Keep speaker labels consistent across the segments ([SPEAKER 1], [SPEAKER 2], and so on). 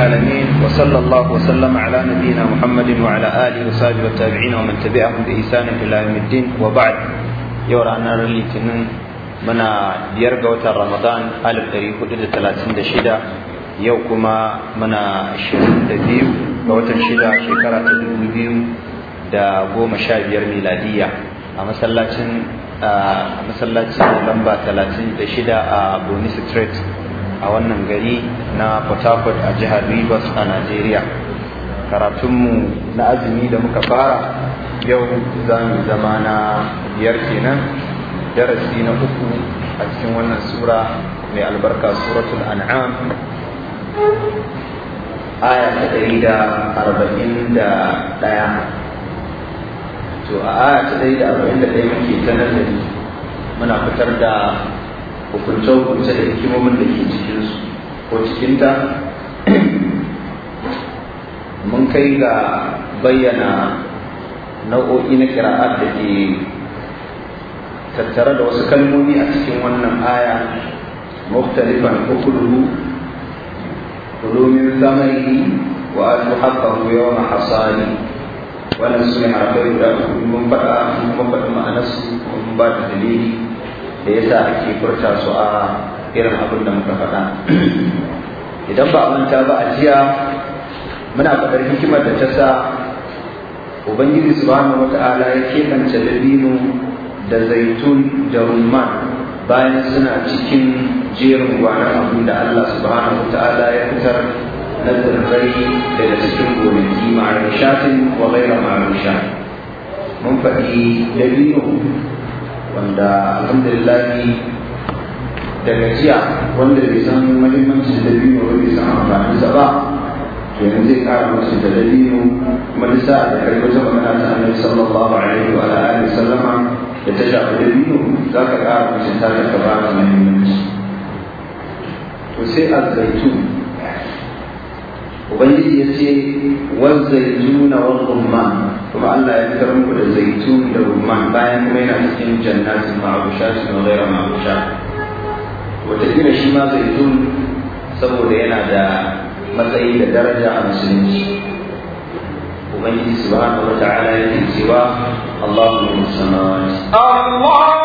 [SPEAKER 1] العالمين وصلى الله وسلم على نبينا محمد وعلى اله وصحبه والتابعين ومن تبعهم باحسان الى يوم الدين وبعد يورا انا لتنين منا بيار ga رمضان 1436 yau kuma muna 22 ga watan 6 shekara ta 2015 miladiya a masallacin a masallacin lamba 36 a Bonny Street a wannan gari na port harcourt a jihar rivers a Najeriya, karatunmu na azumi da muka fara yau za mu zama na biyar kenan darasi na uku a cikin wannan sura mai albarka suratul an'am aya ta ɗari da arba'in da ɗaya to a aya ta ɗari da arba'in da ɗaya muke ta nazari muna fitar da hukunce-hukunce da hikimomin da ke cikinsu ko cikinta mun kai ga bayyana nau'o'i na kira'ar da ke tattare da wasu kalmomi a cikin wannan aya muftalifan hukuru kulumin zamani wa haka haqqahu yawma hasari wannan su ne harfai da mun faɗa mun faɗi ma'anarsu mun ba da dalili da yasa ake furta su a irin abin da muka faɗa idan ba manta ba a jiya muna faɗar hikimar da ta sa ubangiji subhanahu wata'ala ya keɓance dabino da zaitun da rumman bayan suna cikin jerin gwanan abin da Allah subhanahu wata'ala ya fitar na tsirrai daga cikin gonaki ma'arishatin wa gaira ma'arishatin mun faɗi dabino wanda alhamdulillah daga jiya wanda bai san mahimmanci da biyu ba bai san amfanin sa ba to yanzu zai kara musu da dalilu kuma da sa da karfi wata magana ta annabi sallallahu alaihi wa alihi sallama da ta shafi da biyu za ka kara musu ta da ka ba mahimmanci. to sai azzaitun ubangiji ya ce wazzaituna wal rumman kuma Allah ya fitar muku da zaitun da rumman bayan kuma yana cikin jannatin ma'abusha su na gaira ma'abusha wataƙila shi ma zaitun saboda yana da matsayi da daraja a musulunci ubangiji subhanahu wa ta'ala ya ce cewa Allahu min samawati
[SPEAKER 2] Allahu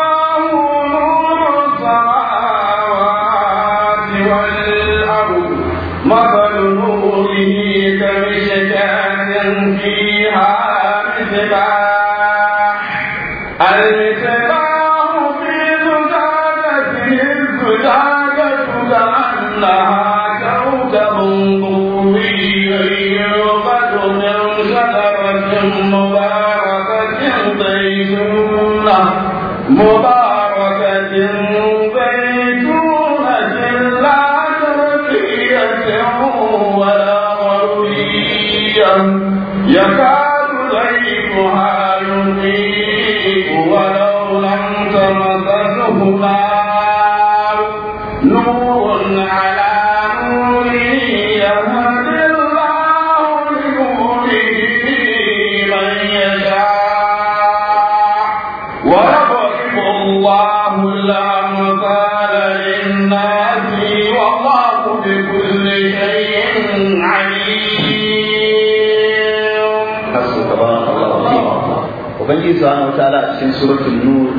[SPEAKER 1] suratul nur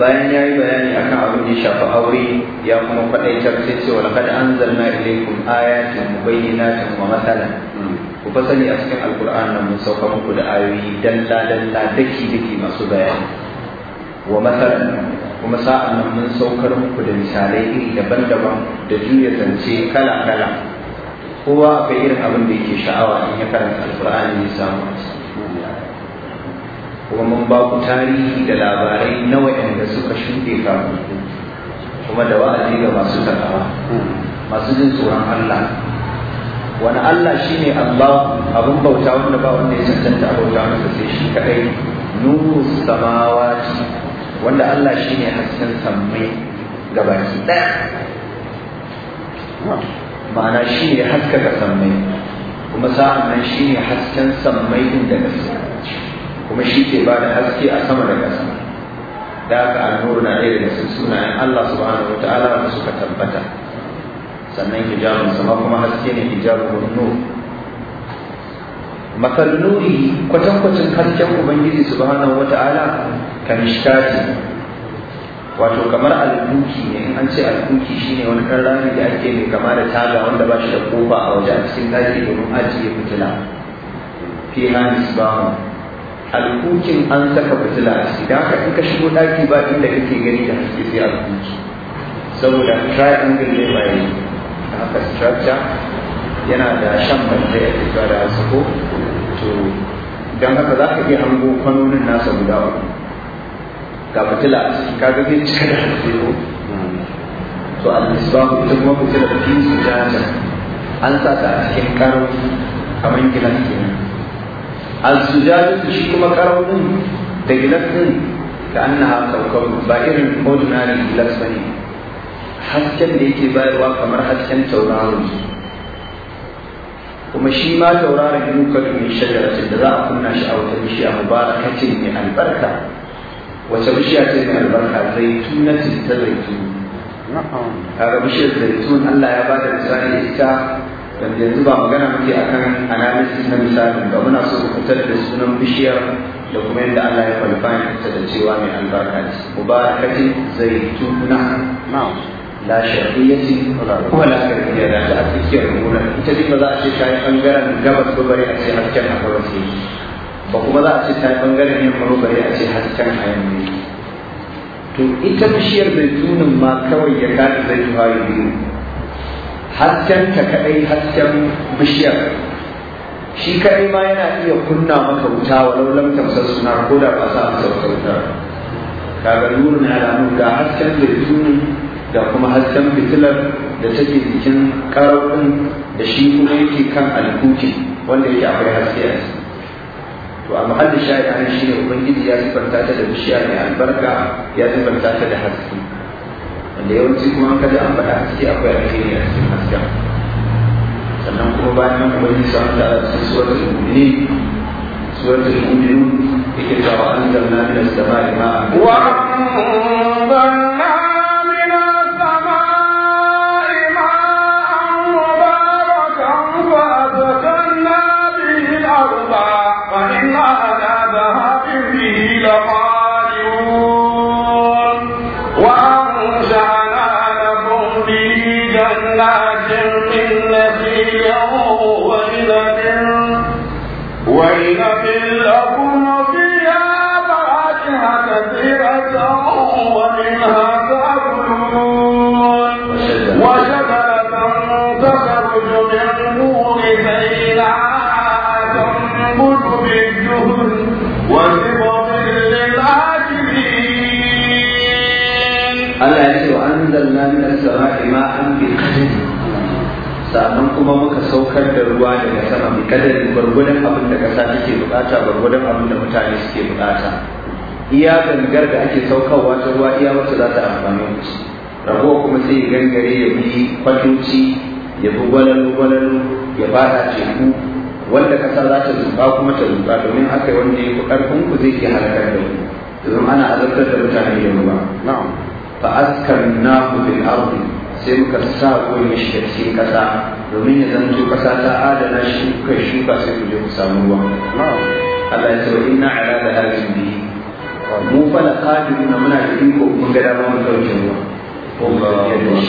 [SPEAKER 1] bayan ya yi bayani a kan abin da ya shafi aure ya kuma faɗaitar sai ce walaqad anzalna mu bayyana ta kuma matsala ku fa sani a cikin al'kur'an nan mun sauka muku da ayoyi dalla dalla daki daki masu bayani wa matsala kuma sa'an nan mun saukar muku da misalai iri daban-daban da juya zance kala-kala kowa akwai irin abin da yake sha'awa in ya karanta alqur'ani ya samu kuma mun ba ku tarihi da labarai na waɗanda suka shuɗe kafin kuma da wa'azi ga masu takawa masu jin tsoron Allah wani Allah shi ne Allah abin bauta wanda ba wanda ya cancanta a bauta wanda sai shi kaɗai nuru samawati wanda Allah shi ne hasken sammai gabaki daya ma'ana shi ne haskaka sammai kuma sa'an nan ne hasken sammai inda da kuma shi ke ba da haske a sama da ƙasa da aka annuru na ɗaya daga cikin sunayen Allah subhanahu wa ta'ala da suka tabbata sannan hijabun sama kuma haske ne hijabun nur makar nuri kwatankwacin hasken ubangiji subhanahu wa ta'ala kamishkati wato kamar alduki ne in an ce alduki shine wani ɗan rami da ake mai kama da taga wanda ba shi da kofa a waje a cikin daji domin ajiye fitila fi hanis bamu alkukin an saka fitila a ciki da haka in ka shigo ɗaki ba inda kake gani da haske sai alkuki saboda triangle ne ba yi da haka structure yana da shan banta ya fito da hasko to don haka za ka iya hango kwanonin nasa guda uku ga fitila a ciki ka zai cika da haske ko to a misbahu ita kuma fitila da fi su an sa ta a cikin karo kamar gina kenan al-sujadu shi kuma karau din da gilas din da annaha kawkabu ba irin ordinary gilas bane hasken da yake bayarwa kamar hasken tauraro kuma shi ma tauraron yukatu min shajaratin da za a kunna shi a wata bishiya mubarakatin mai albarka wace bishiya ce mai albarka zaitunatin ta zaitun kaga bishiyar zaitun Allah ya bada misali ta. wanda yanzu ba magana muke a kan analysis na misalin ba muna so ku fitar da sunan bishiyar da kuma yadda Allah ya kwalifani ta da cewa mai albarka ne mubarakatin zaituna la ce. kuma la karfiya da ta tsakiyar gona ita duk ba za a ce ta yi ɓangaren gabas ba a ce hasken a gabas ba kuma za a ce ta yi bangaren yamma ba a ce hasken a yanzu. to ita bishiyar zaitunin ma kawai ya kada zai tuhayi biyu hasken ta kadai hasken bishiyar shi kadai ma yana iya kunna maka wuta wa laulan tamsar suna ko da ba sa a sauka wuta kaga nurun alamun ga hasken zaituni da kuma hasken fitilar da take jikin karaukun da shi kuma yake kan alkuki wanda yake akwai haske a to a muhallin shayi an shi ne ubangiji ya sifanta ta da bishiya mai albarka ya sifanta ta da haske wanda yawanci kuma an kaji an faɗa haske akwai alheri a cikin sannan kuma bayan nan ubangiji sa Allah da cikin suratul mu'minin suratul mu'minun yake cewa sama'i ma'a saukar da ruwa daga sama bi kadarin gwargwadon abin da kasa take bukata gwargwadon abin da mutane suke bukata iya gangar da ake saukarwa ta ruwa iya wacce za ta amfani da shi rago kuma sai gangare ya bi kwatoci ya bi gwalalu gwalalu ya bada teku wanda kasa za ta zuba kuma ta zuba domin haka wanda ya fi karfin ku zai ke halakar da ku domin ana azabtar da mutane da ruwa na'am naku bil ardi sai muka sa shi mishi cikin kasa domin ya zanto kasa ta adana shi kai shuka sai ku je ku samu ruwa Allah ya ce ina inna ala da hadin bi mu fa la qadirun muna da iko mun ga dama mu dauke ruwa ko mu dauke ruwa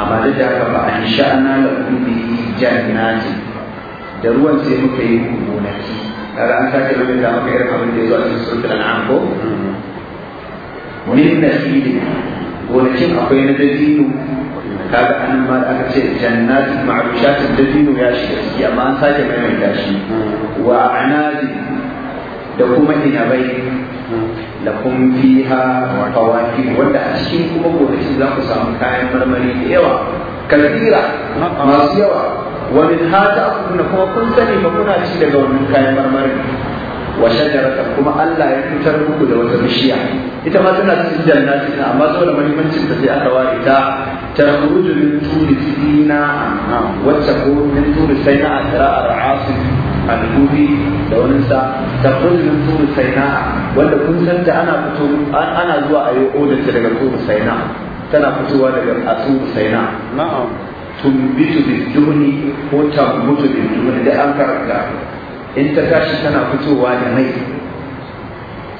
[SPEAKER 1] amma duk da haka ba an sha'ana la kulli jannati da ruwan sai muka yi gonaki kaga an sake da maka irin abin da ya zo a cikin sultan an ko mun mm-hmm. yi nasiri gonakin akwai na dabino kaga an ma aka ce jannatin ma'rushatin dabino ya shiga ciki amma an sake maimaita shi wa anabi da kuma inabai lakum fiha fawakih wanda a cikin kuma gonaki za ku samu kayan marmari da yawa kalbira masu yawa wa min hata kuma kun sani ba kuna ci daga wannan kayan marmari? wa shajaratan kuma Allah ya fitar muku da wata bishiya ita ma tana cikin jannati na amma saboda muhimmancin ta sai aka ware ta takhruju min turi sina wacce ko min turi sina a tara al al-hudi da wani sa takhruju min turi sina wanda kun san ta ana fito ana zuwa a yi odar ta daga turi sina tana fitowa daga turi sina na'am bitu bi ko ta mutu bi da an karanta in ta tashi tana fitowa da mai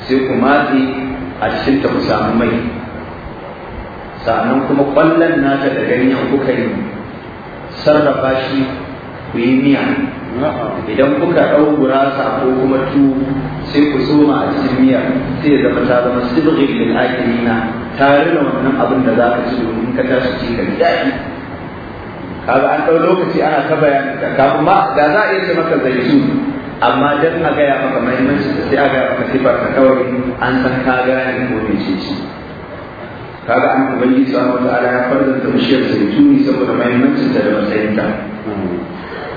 [SPEAKER 1] sai ku matse a cikin ta ku samu mai sannan kuma kwallon nata da ganyen kuka yi sarrafa shi ku yi miya idan kuka ɗau gurasa ko kuma tu sai ku soma a cikin miya sai zama ta zama sirri lil akilina tare da wannan abin da za ka ci domin ka tashi ci ka daɗi kaga an ɗau lokaci ana ta bayani kafin ma da za a iya ce maka zaitun amma dan a gaya maka mahimmanci sai a gaya maka sifar ka kawai an san ka gane ko ce shi kaga an ubangiji subhanahu wataala ya farzanta sai tuni saboda mahimmancin ta da matsayinta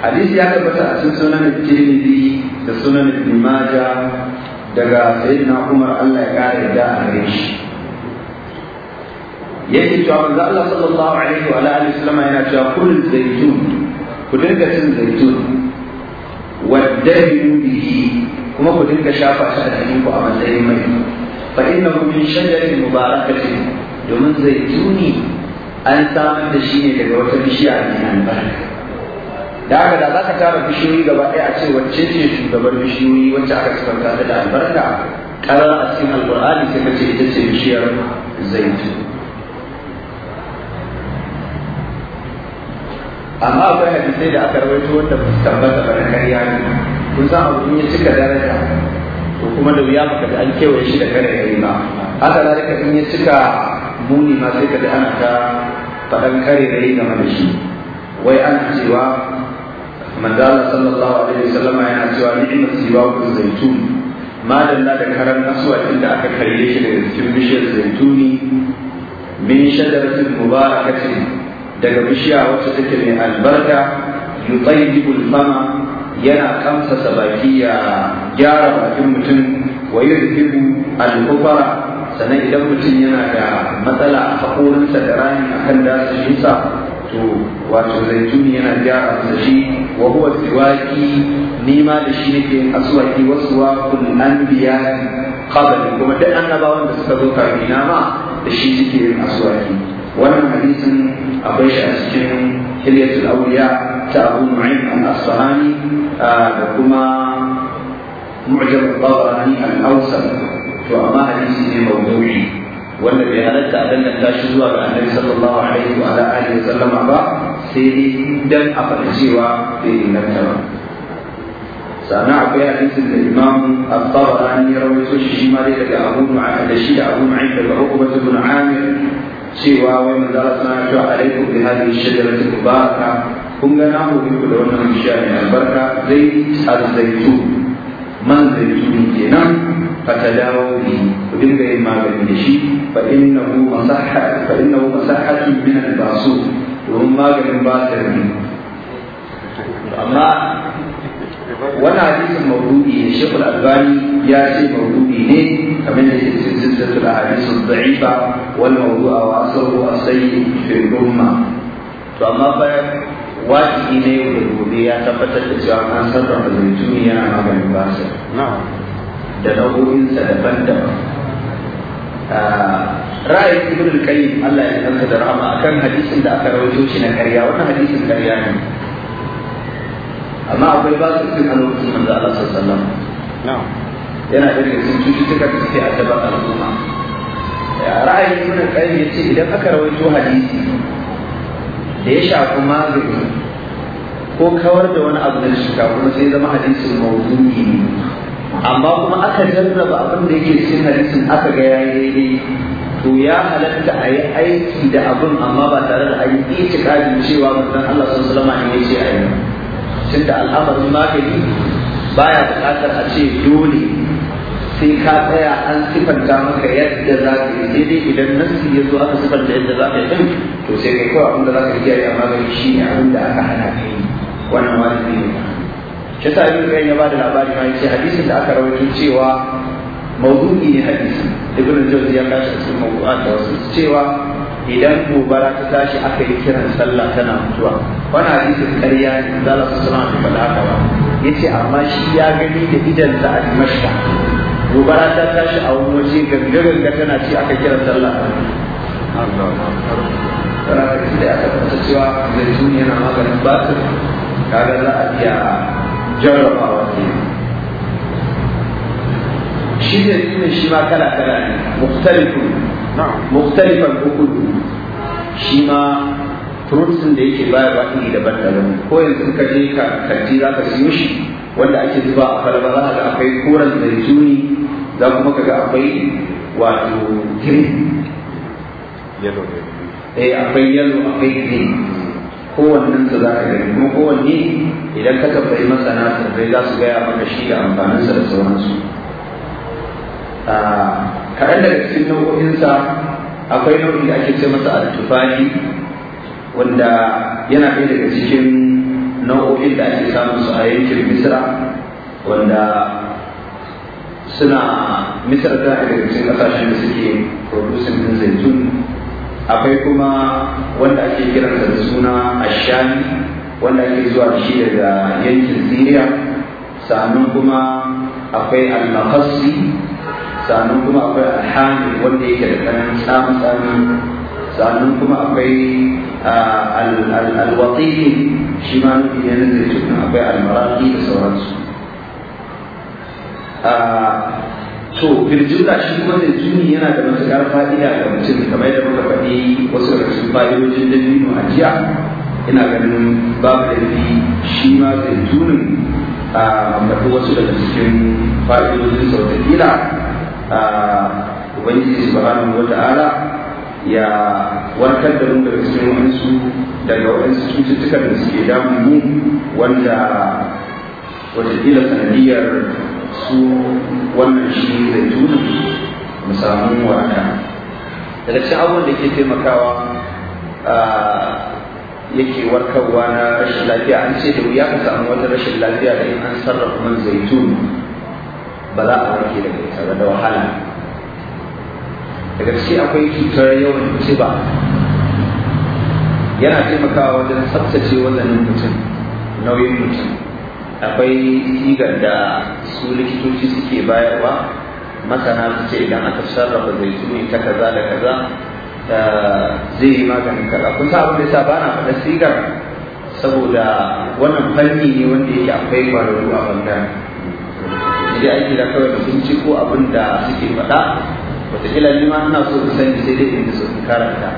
[SPEAKER 1] hadisi ya tabbata a cikin sunan tirmidhi da sunan ibn majah daga sayyidina umar Allah ya kare da a gare shi yake cewa manzo Allah sallallahu alaihi wa alihi wasallam yana cewa kullu zaitun ku dinga cin zaitun waddahu bihi kuma ku dinga shafa shi a ku a matsayin mai fa innahu min shajaratin mubarakatin domin zaituni an samar da shi ne daga wata bishiya mai albarka da haka za ka tara bishiyoyi gaba ɗaya a ce wacce ce shugabar bishiyoyi wacce aka sifanta da albarka ƙarar a cikin alƙur'ani sai ka ce ita ce bishiyar zaituni amma akwai hadisai da aka rawaito wanda ba su tabbata ba na karya ne kun san abu ya cika daraja to kuma da wuya maka da an kewaye shi da kare kai ba haka zalika in ya cika muni ma sai ka da ana ta faɗan kare kai game da shi wai an cewa manzala sallallahu alaihi wasallama yana cewa ni'mat siwa ku zaitun madan da karan aswaki inda aka karye shi daga cikin bishiyar zaituni min shajaratin mubarakatin daga bishiya wacce take mai albarka yutayyibul fama yana kamsa baki ya gyara bakin mutum wa yurhibu al-kufara sannan idan mutum yana da matsala a haƙorinsa da rani a kan dasashinsa to wato zaituni yana gyara masa shi wa huwa siwaki nima da shi nake yin wasu wa suwakul anbiya qabli kuma duk annabawan da suka zo kafina ma da shi suke yin aswaki wannan hadisin akwai shi a cikin hilyatul auliya ta abu nu'aym an asfahani ah, da kuma mu'jam al-tabarani al-awsat to amma hadisi ne mawdu'i wanda bai halatta a danganta shi zuwa ga annabi sallallahu alaihi wa alihi wa sallama ba sai dai dan a faɗi cewa bai inganta ba sannan akwai hadisin da imam al-tabarani ya rawaito shi ma dai daga abu nu'aym da shi da abu nu'aym daga uqbah ibn amir cewa wai manzo Allah sana cewa alaikum bi hadhihi shajarati mubaraka kun ga na mu ku da wannan bishiya mai albarka zai azzaitu man ne kenan dawo bi ku dinga yin magani da shi fa innahu masahha fa innahu masahati min al-basu domin maganin ta ne amma Wani hadisin maudu'i ne shekul albani ya ce maudu'i ne kamar da yake cikin sittatul ahadisu da'ifa wal mawdu'a wa a asayi fil umma to amma fa wajibi ne da gobe ya tabbatar da cewa an sarrafa zaituni yana maganin basa da nau'o'insa daban-daban ah, ra'ayin ibn al-qayyim Allah ya kansa da rahama akan hadisin da aka rawaito shi na karya wannan hadisin karya ne amma akwai ba su cikin lokacin manzo Allah sallallahu alaihi yana da cikin cututtuka da suke addabar al'umma ya ra'ayi ibn qayyim yace idan aka rawaito hadisi da ya shafi magani ko kawar da wani abu da shika kuma sai zama hadisin mawdu'i ne amma kuma aka jarraba abin da yake cikin hadisin aka ga yayi to ya halatta a yi aiki da abin amma ba tare da an yi itikadin cewa manzon Allah sallallahu alaihi wasallam ya ce a yi tunda al'amarin magani baya buƙatar a ce dole sai ka tsaya an sifanta maka yadda za ka yi daidai idan su ya zo aka sifanta yadda za ka yi to sai kai kawai abin da za ka iya yi a magani shi ne abin da aka hana ka yi wannan wajibi ne shi sa yi ya ba da labari ma yace hadisin da aka rawaito cewa mawdu'i ne hadisi ibn jawzi ya a cikin mawdu'at da wasu cewa idan gobara ta tashi aka yi kiran sallah tana mutuwa wani hadisin ƙarya ne za su suna da faɗa ba ya ce amma shi ya gani da za a dimashka gobara ta tashi a wani waje ganga-ganga tana ce aka kiran sallah tana da da aka tabbata cewa zaitun yana maganin batir kaga za a iya jarrabawa ke shi zaitun shi ma kala-kala ne mukhtalifun muktalifan hukumi shi ma da yake baya ba iri daban daban ko yanzu ka je ka kanti za ka siyo shi wanda ake zuba a falaba za ga akwai koren zaituni za kuma ka ga akwai wato green yellow eh akwai yellow akwai green kowannen su za ka gani kuma kowanne idan ka tabbai masana tabbai za su gaya maka shi da amfaninsa da sauransu ah, kaɗan daga cikin nau'o'insa akwai nau'in da ake ce masa al tufani wanda yana ɗaya daga cikin nau'o'in da ake samun su a yankin misra wanda suna misra ta daga cikin ƙasashen da suke producing din zaitun akwai kuma wanda ake kiransa da suna ashami wanda ake zuwa shi daga yankin siriya sannan kuma akwai al-makassi sannan kuma akwai alhamdu wanda yake da ɗan tsamin sannan kuma akwai alwatsi shi ma nufi ne na zai cikin akwai almaraki da sauransu to birjinta shi kuma zai tuni yana da matuƙar fa'ida ga mutum kamar yadda muka faɗi wasu daga cikin fa'idojin dalilin a jiya ina ganin babu dalili shi ma zai tunin a wasu daga cikin fa'idojin sau da ubangiji subhanahu wata'ala ya warkar da mu daga cikin wa'ansu daga wa'ansu cututtukan da suke damu mu wanda wataƙila sanadiyar su wannan shi zai tuni mu samu waraka daga cikin abubuwan da ke taimakawa yake warkarwa na rashin lafiya an ce da wuya ka samu wata rashin lafiya da in an sarrafa man zaitun ba za a warke daga ita ba da wahala daga ciki akwai cutar yawan ciba yana taimakawa wajen tsabtace wannan mutum nauyin mutum akwai sigar da su likitoci suke bayarwa masana su ce idan aka sarrafa zaituni ta kaza da kaza ta zai yi maganin kaza kun sa abin da sa bana faɗa sigar saboda wannan fanni ne wanda yake akwai kwararru a bangaren je aiki da kawai da ko abin da suke faɗa wataƙila ni ma ina so in sani sai dai in so in karanta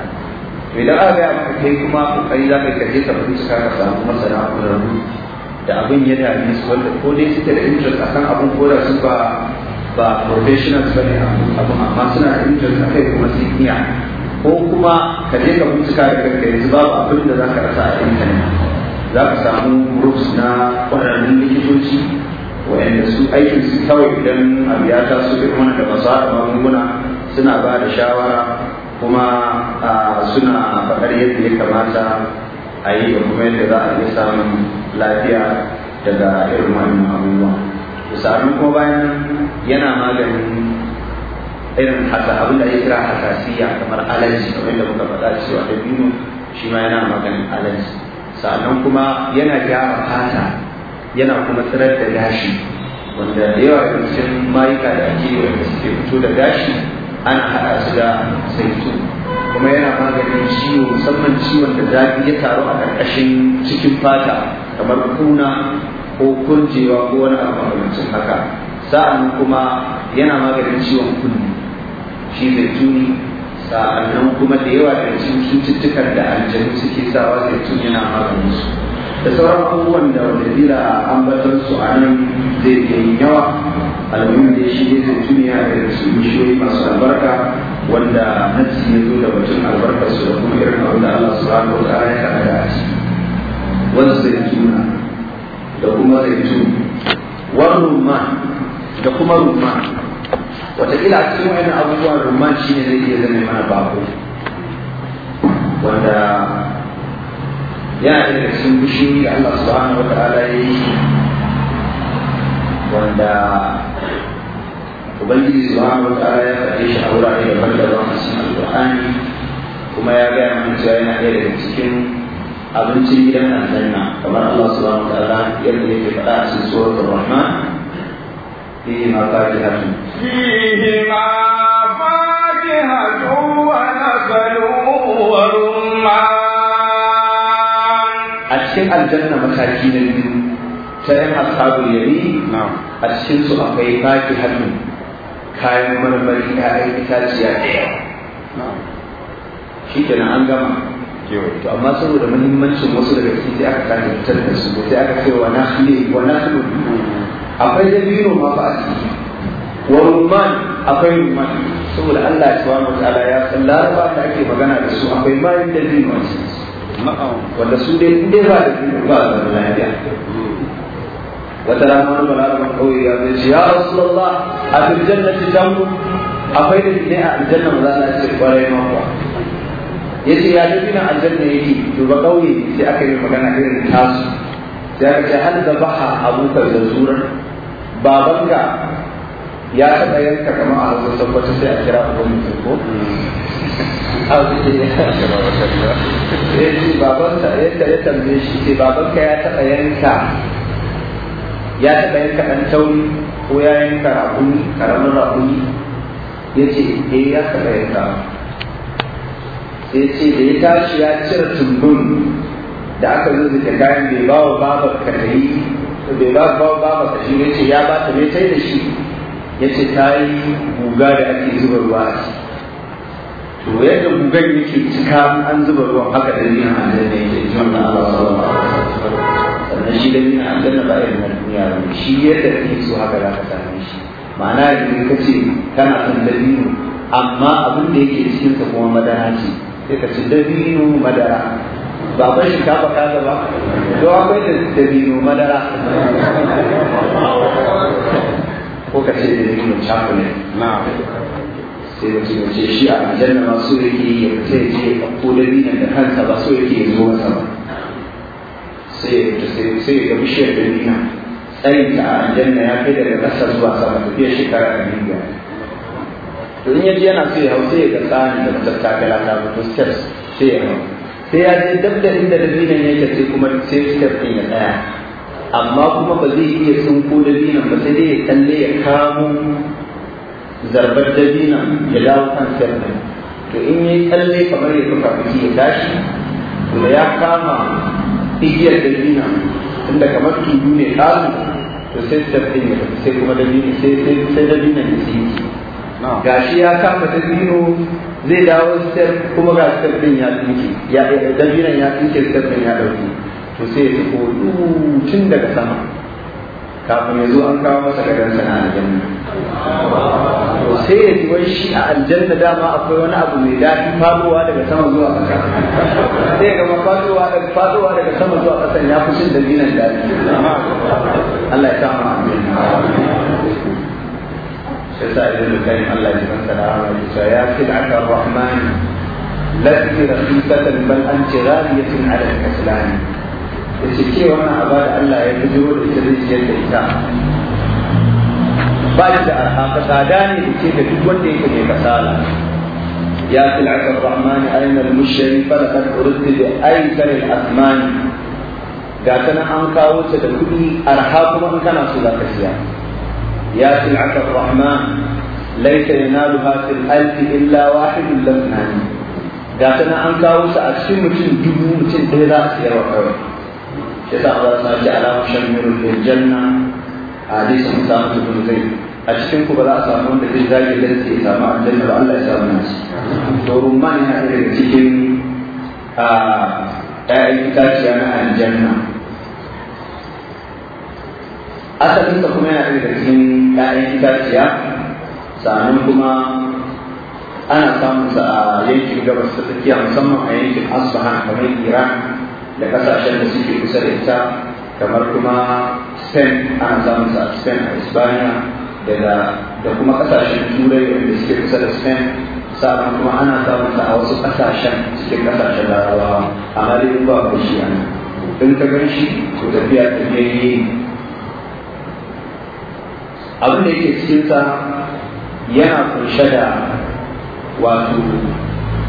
[SPEAKER 1] to idan aka gaya maka kai kuma kokari za ka kaje ka bincika ka samu masana ƙwararru da abin ya dame su wanda ko dai suke da interest akan abin ko da su ba ba professionals bane abin amma suna da interest akai kuma su iya ko kuma ka je ka bincika ka kanka yanzu babu abin da za ka rasa a intanet za ka samu groups na ƙwararrun likitoci wa'anda su aikin su kawai idan abu ya taso irin wani da fasaha magunguna suna ba da shawara kuma suna faɗar yadda ya kamata a yi da kuma yadda za a iya samun lafiya daga irin wannan abubuwa misalin kuma bayan yana maganin irin hasa abin da ya kira hatasiya kamar alaji kamar da muka faɗa cewa da bino shi ma yana maganin alaji sannan kuma yana gyara fata yana kuma tsirar da gashi wanda da yawa daga mayuka da ake yi wanda suke fito da gashi an haɗa su da saitu kuma yana maganin ciwo musamman ciwon da zafi ya taru a ƙarƙashin cikin fata kamar kuna ko kurjewa ko wani abu makamancin haka sa'an kuma yana maganin ciwon kunne shi zaituni sa'an kuma da yawa daga cikin cututtukan da aljanu suke sawa zaitun yana maganin su da sauran abubuwan da an ambatar su a nan zai yi yawa alamun da shi ne zai tuniya da irin su bishiyoyi masu albarka wanda hajji ya zo da batun albarka su da kuma irin abin da Allah subhanahu wa ta'ala ya kada da ciki wanda zai tuna da kuma zai tuni wani rumma da kuma rumma watakila a cikin wani abubuwan rumman shi ne zai iya zama mana bako wanda yana daga cikin fushi, da Allah subhanahu wa ta'ala ya yi wanda ubangiji subhanahu wa ta'ala ya faɗe shi a wurare daban-daban a cikin alƙur'ani kuma ya gaya mana cewa yana ɗaya daga cikin abincin gidan aljanna kamar Allah subhanahu wa ta'ala yadda yake faɗa a cikin suratul rahman فيهما فاكهة
[SPEAKER 2] فيهما فاكهة ونخل ورمان
[SPEAKER 1] cikin aljanna mataki na biyu ta yan ya yi. a cikin su akwai baki hannu kayan marmari ya ƴaƴan itaciya ya yawa shi kenan an gama to amma saboda muhimmancin wasu daga cikin sai aka kare fitar da su sai aka kai wa nakhli wa nakhlu mm-hmm. akwai dabino ma ba a ciki wa rumman akwai rumman saboda Allah ya wa ta'ala ya san laraba da ake magana da su akwai bayan dabino a ciki Ah, wanda su dai in dai ba da biyu ba da lafiya wata rana wani balarabar kauye ya zai ce ya rasulallah a na jannati tamu akwai da ne a aljanna ba za a ce kwarai makwa ya ce ya dafi na aljanna yake duba kauye sai aka yi magana irin tasu sai aka ce hal da baha abubakar da surar Babanga ya taɓa yanka kama a hausa sabbata sai a kira uban mutum ko ya ce babanka yadda ya tambaye shi ce babanka ya taɓa yanka ya taɓa yanka ɗan tauri ko ya yanka raƙuni ƙaramin raƙuni ya ce eh ya taɓa yanka sai ce da ya tashi ya cire tumbun da aka zo da kayan bai ba wa babar ka ta yi bai ba wa babar ka shi ya ce ya ba ta bai sai da shi ya ce ta yi guga da ake zuba ruwa a ciki to yadda gugan yake cika an zuba ruwan haka da ni a da ne yake jiwon na Allah sallallahu alaihi wasallam sannan shi da ni a aljanna ba irin na duniya ba shi yadda kake so haka za ka same shi ma'ana idan ka ce kana son dabino amma abin da yake cikin ka kuma madara ce sai ka ce dabino madara ba akwai ba kaza ba to akwai dabino madara ko ka ce dabino chocolate sai da ya ce shi a aljanna ma so yake ya fita ya a ya na da kansa ba so yake ya zo ba sai ya ga bishiyar dabina tsayin ta a aljanna ya kai daga ƙasa zuwa sama tafiyar shekara da biyu to in yaji yana so ya hau sai ya ga tsarin da matattakala ta fito steps sai ya hau sai ya je dab da inda dabinan yake sai kuma sai step ɗin ya tsaya amma kuma ba zai iya tsinko na ba sai dai ya kalle ya kamo zarbar dabina ya dawo kan sirri to in yi tsalle kamar ya kuka fiki ya tashi to da ya kama igiyar dabina tunda kamar tudu ne kalu to sai sirri ya sai kuma dabina sai sai dabina ya sai gashi ya kama dabino zai dawo sirri kuma ga sirrin ya tsinke ya dabina ya tsinke sirrin ya dauki to sai ya tafi tun daga sama kafin ya zo an kawo masa gadon sana'a da jami'a sai ya ji shi a aljanna dama akwai wani abu mai daɗi fadowa daga sama zuwa ƙasa sai gama fadowa daga daga sama zuwa ƙasa ya fi cin dabinan daɗi Allah ya kama amin sai sa da karim Allah ya san sana ya ce ya fi aka rahman lafi rafiqatan bal anti ghaliyatin ala al-islam yace ke wannan abada Allah ya bijiro da ita da ita ba da arha arhaka tsadani da ke da duk wanda yake mai kasala ya fi al'akar rahman aina al-mushri fa laqad urdi bi aykar al-asman ga kana an kawo ta da kudi arha kuma an kana so za ka siya ya fi al'akar rahman laysa yanalu hasil alf illa wahid lam nani ga an kawo sa a cikin mutum dubu mutum ɗaya za a siyarwa kawai shi ta Allah ya ji alamun shan mirul aljanna hadisi samu zubin zai a cikin ku ba za a samu wanda zai zage da ke samu a aljanna da Allah ya samu nashi to rumman yana daga cikin ‘ya'yan itaciya na aljanna asalin ka kuma ya yana daga cikin ‘ya'yan itaciya sannan kuma ana samun sa a yankin gabas ta tsakiya musamman a yankin asbahan kamar iran da kasashen da suke kusa da ita kamar kuma spain ana samun sa a spain a hispania. da kuma kasashen turai wanda suke kusa da spain sabon kuma ana samun ta a wasu kasashen cikin kasashen larabawa a dai ba ku shi ana in ka gan shi ku tafiya ke yi abin da yake cikin sa yana kunshe da wato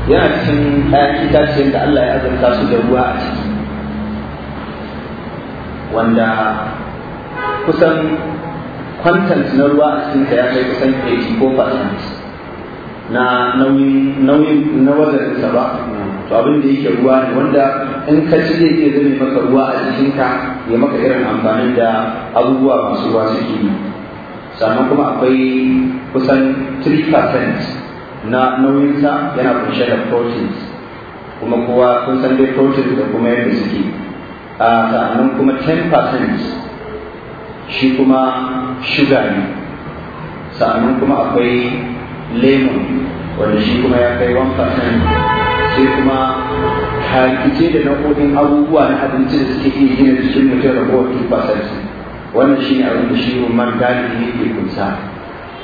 [SPEAKER 1] yana cikin ɗayan itaciyar da Allah ya azanta su da ruwa a ciki wanda kusan kwantant na ruwa a cikinka ya kai kusan 84% na nauyin nauyin na wazarin ba to abin da yake ruwa ne wanda in ka ci zai iya zame maka ruwa a jikinka ya maka irin amfani da abubuwa masu ruwa suke yi sannan kuma akwai kusan 3% na nauyinsa yana kunshe da proteins kuma kowa kun san dai proteins da kuma yadda suke ah, sannan kuma 10% shi kuma shuga ne sa'annan kuma akwai lemon wanda shi kuma ya kai 1% sai kuma harkice da nau'o'in abubuwa na abinci da suke iya gina jikin mutum ke 2% wannan shi ne abin da shi man galibi ne ke kunsa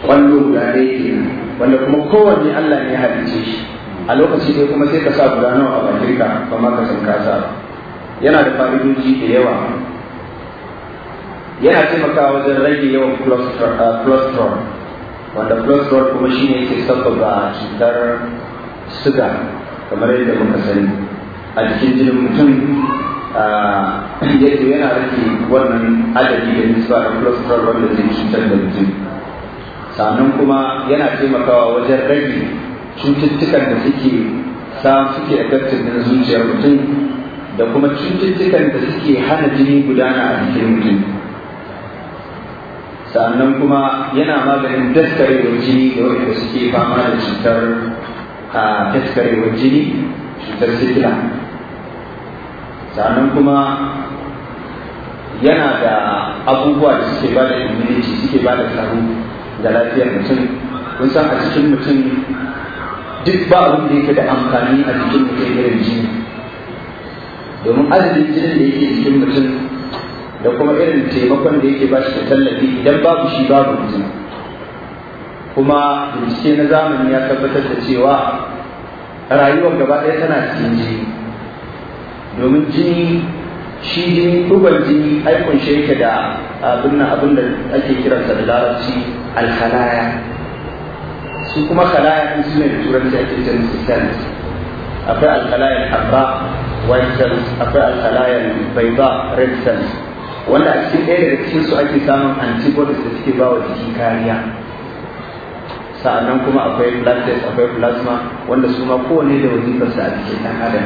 [SPEAKER 1] kwallo guda ɗaya ke wanda kuma kowanne Allah ne ya halice shi a lokaci ɗaya kuma sai ka sa guda nawa a bakin ka ka san ka sa yana da fa'idoji da yawa yana taimakawa wajen rage yawan cholesterol uh, wanda cholesterol kuma shi ne ke sabbaba cutar suga kamar yadda muka sani a cikin jinin mutum uh, yadda yana rage wannan adadi da nisba da cholesterol wanda zai cutar da mutum sannan kuma yana taimakawa wajen rage cututtukan da suke samun suke affected na zuciyar mutum da kuma cututtukan da suke hana jini gudana a jikin mutum sannan kuma yana maganin daskarewar jini da wanda suke fama da cutar a daskarewar jini cutar sikila sannan kuma yana da abubuwa da suke ba da immunity suke ba da tsaro da lafiyar mutum kun san a cikin mutum duk ba abin da yake da amfani a cikin mutum irin jini domin adadin jinin da yake cikin mutum da kuma irin taimakon da yake bashi da tallafi idan babu shi babu mutum kuma bincike na zamani ya tabbatar da cewa rayuwar gaba ɗaya tana cikin jini domin jini shi jini ɗuban jini ai kunshe yake da abin abin da ake kiransa da larabci alhalaya su kuma halaya in su ne da turanci ake kiran su akwai alhalayan habba white cells akwai alhalayan baiba red cells wanda a cikin ɗaya daga cikin su ake samun antibodies da suke ba wa jiki kariya sa'annan kuma akwai blood akwai plasma wanda su ma kowane da wazifarsa a cikin ɗan adam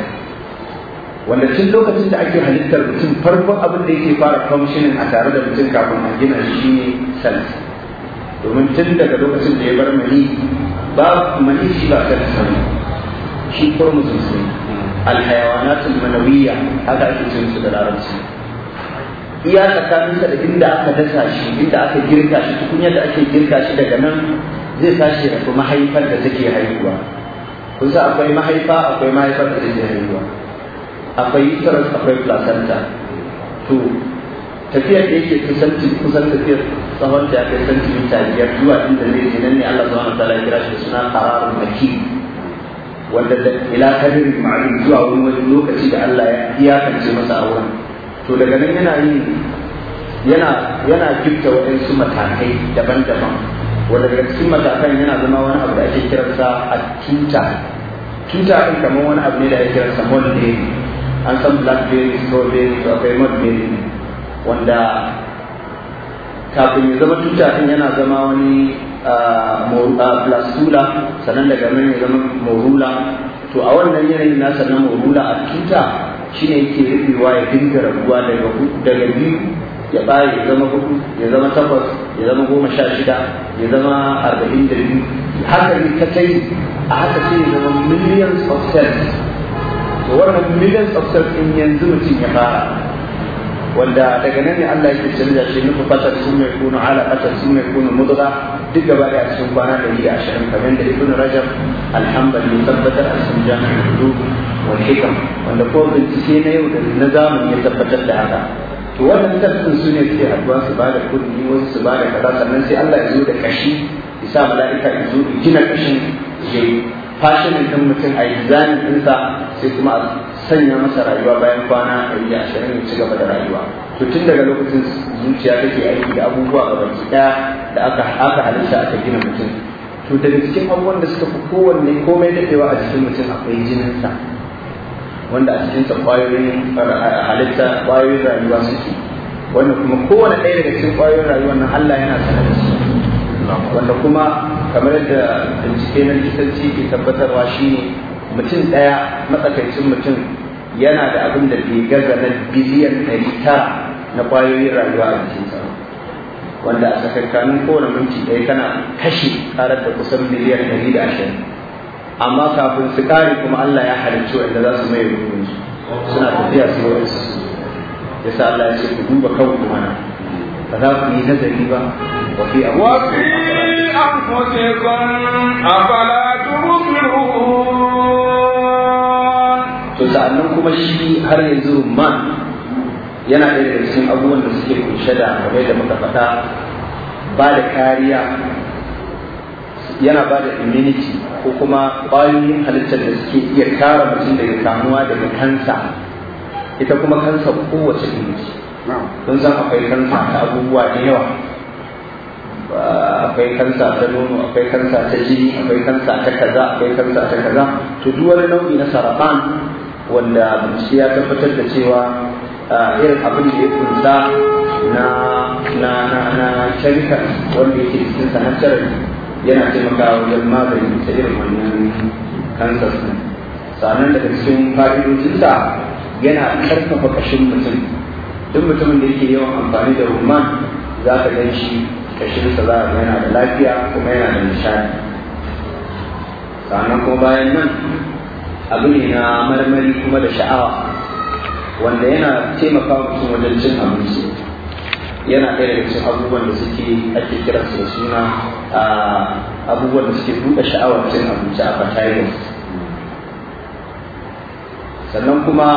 [SPEAKER 1] wanda tun lokacin da ake halittar mutum farkon abin da yake fara functioning a tare da mutum kafin a gina shi ne cells domin tun daga lokacin da ya bar mani ba mani shi ba cells ne shi chromosomes sai alhayawanatul manawiyya haka ake cin su da larabci iya tsakaninsa da inda aka dasa shi inda aka girka shi tukunya da ake girka shi daga nan zai tashi da kuma mahaifar da take haihuwa kun sa akwai mahaifa akwai mahaifar da take haihuwa akwai uterus akwai placenta to tafiyar da yake kusan kusan tafiyar tsawon da ya kai mita biyar zuwa inda zai je nan ne Allah subhanahu wa ta'ala ya kira shi suna qararul maki wanda da ila kadirin ma'lum zuwa wani lokaci da Allah ya iyakance masa a wurin to daga nan yana yi yana yana gifta waɗansu matakai daban-daban wanda daga cikin matakan yana zama wani abu da ake kiransa a tuta tuta ɗin kamar wani abu ne da ake kiransa mulberry an san blackberry strawberry to akwai mulberry wanda kafin ya zama tuta ɗin yana zama wani blastula sannan daga nan ya zama morula to a wannan yanayin nasa na morula a tuta shine yake rubewa ya dinga rabuwa daga daga biyu ya bari ya zama hudu ya zama takwas ya zama goma sha shida ya zama arba'in da biyu haka ne ta kai a haka sai ya zama millions of cells to wannan millions of cells in yanzu mutum ya fara wanda daga nan ne Allah yake canza shi nufa fatar sun mai kuna ala fatar sun mai kuna mudura duk gaba da sun kwana da a ashirin kamar da ibn rajab ya tabbatar a hudu wani hikam wanda ko bincike na yau da na zamani ya tabbatar da haka to wannan tafsirin su ne suke su ba da kudi wasu su ba da kaza sannan sai Allah ya zo da kashi ya sa mala'ika ya zo da gina kashin ya yi fashin ɗin mutum a zanen ɗinsa sai kuma a sanya masa rayuwa bayan kwana ɗari da ashirin ya ci gaba da rayuwa to tun daga lokacin zuciya take aiki da abubuwa ga baki daya da aka aka halitta aka gina mutum to daga cikin abubuwan da suka fi kowanne komai da a cikin mutum akwai sa wanda a cikin kwayoyin halitta kwayoyin rayuwa suke wanda kuma kowane ɗaya daga cikin kwayoyin rayuwa nan Allah yana sanar da su wanda kuma kamar yadda bincike na likitanci ke tabbatarwa shine mutum ɗaya matsakaicin mutum yana da abin da bai gaza na biliyan ɗari tara na kwayoyin rayuwa a sa. wanda a tsakankanin kowane minti ɗaya kana kashe karar da kusan miliyan ɗari da ashirin amma kafin su ƙare kuma Allah ya halicci wanda za su mai rubutun suna tafiya su yi wasu ya sa Allah ya ce ku duba kan mana ba za ku yi nazari ba wa fi
[SPEAKER 2] anfusikum
[SPEAKER 1] to sa'annan kuma shi har yanzu man yana ɗaya daga cikin abubuwan da suke kunshe da kamar da muka faɗa ba da kariya yana ba da immunity ko kuma ƙwayoyin halittar da suke iya kare mutum daga kamuwa daga kansa ita kuma kansa kowace immunity don san akwai kansa ta abubuwa da yawa akwai kansa ta nono akwai kansa ta jini akwai kansa ta kaza akwai kansa ta kaza to duk wani nau'i na saraban wanda bincike ya tabbatar da cewa irin abin da ya kunsa na na na na wanda yake cikin sanatar yana taimakawa wajen magani ta irin wannan kansar ne sannan daga cikin fa'idojinsa yana karfafa kashin mutum duk mutumin da yake yawan amfani da rumman za ka gan shi kashinsa za a yana da lafiya kuma yana da nishadi sannan kuma bayan nan abu ne na marmari kuma da sha'awa wanda yana taimaka mutum wajen cin abinci yana ɗaya da cikin abubuwan da suke ake kira su da suna abubuwan da suke buɗe sha'awar cin abinci a fatayin sannan kuma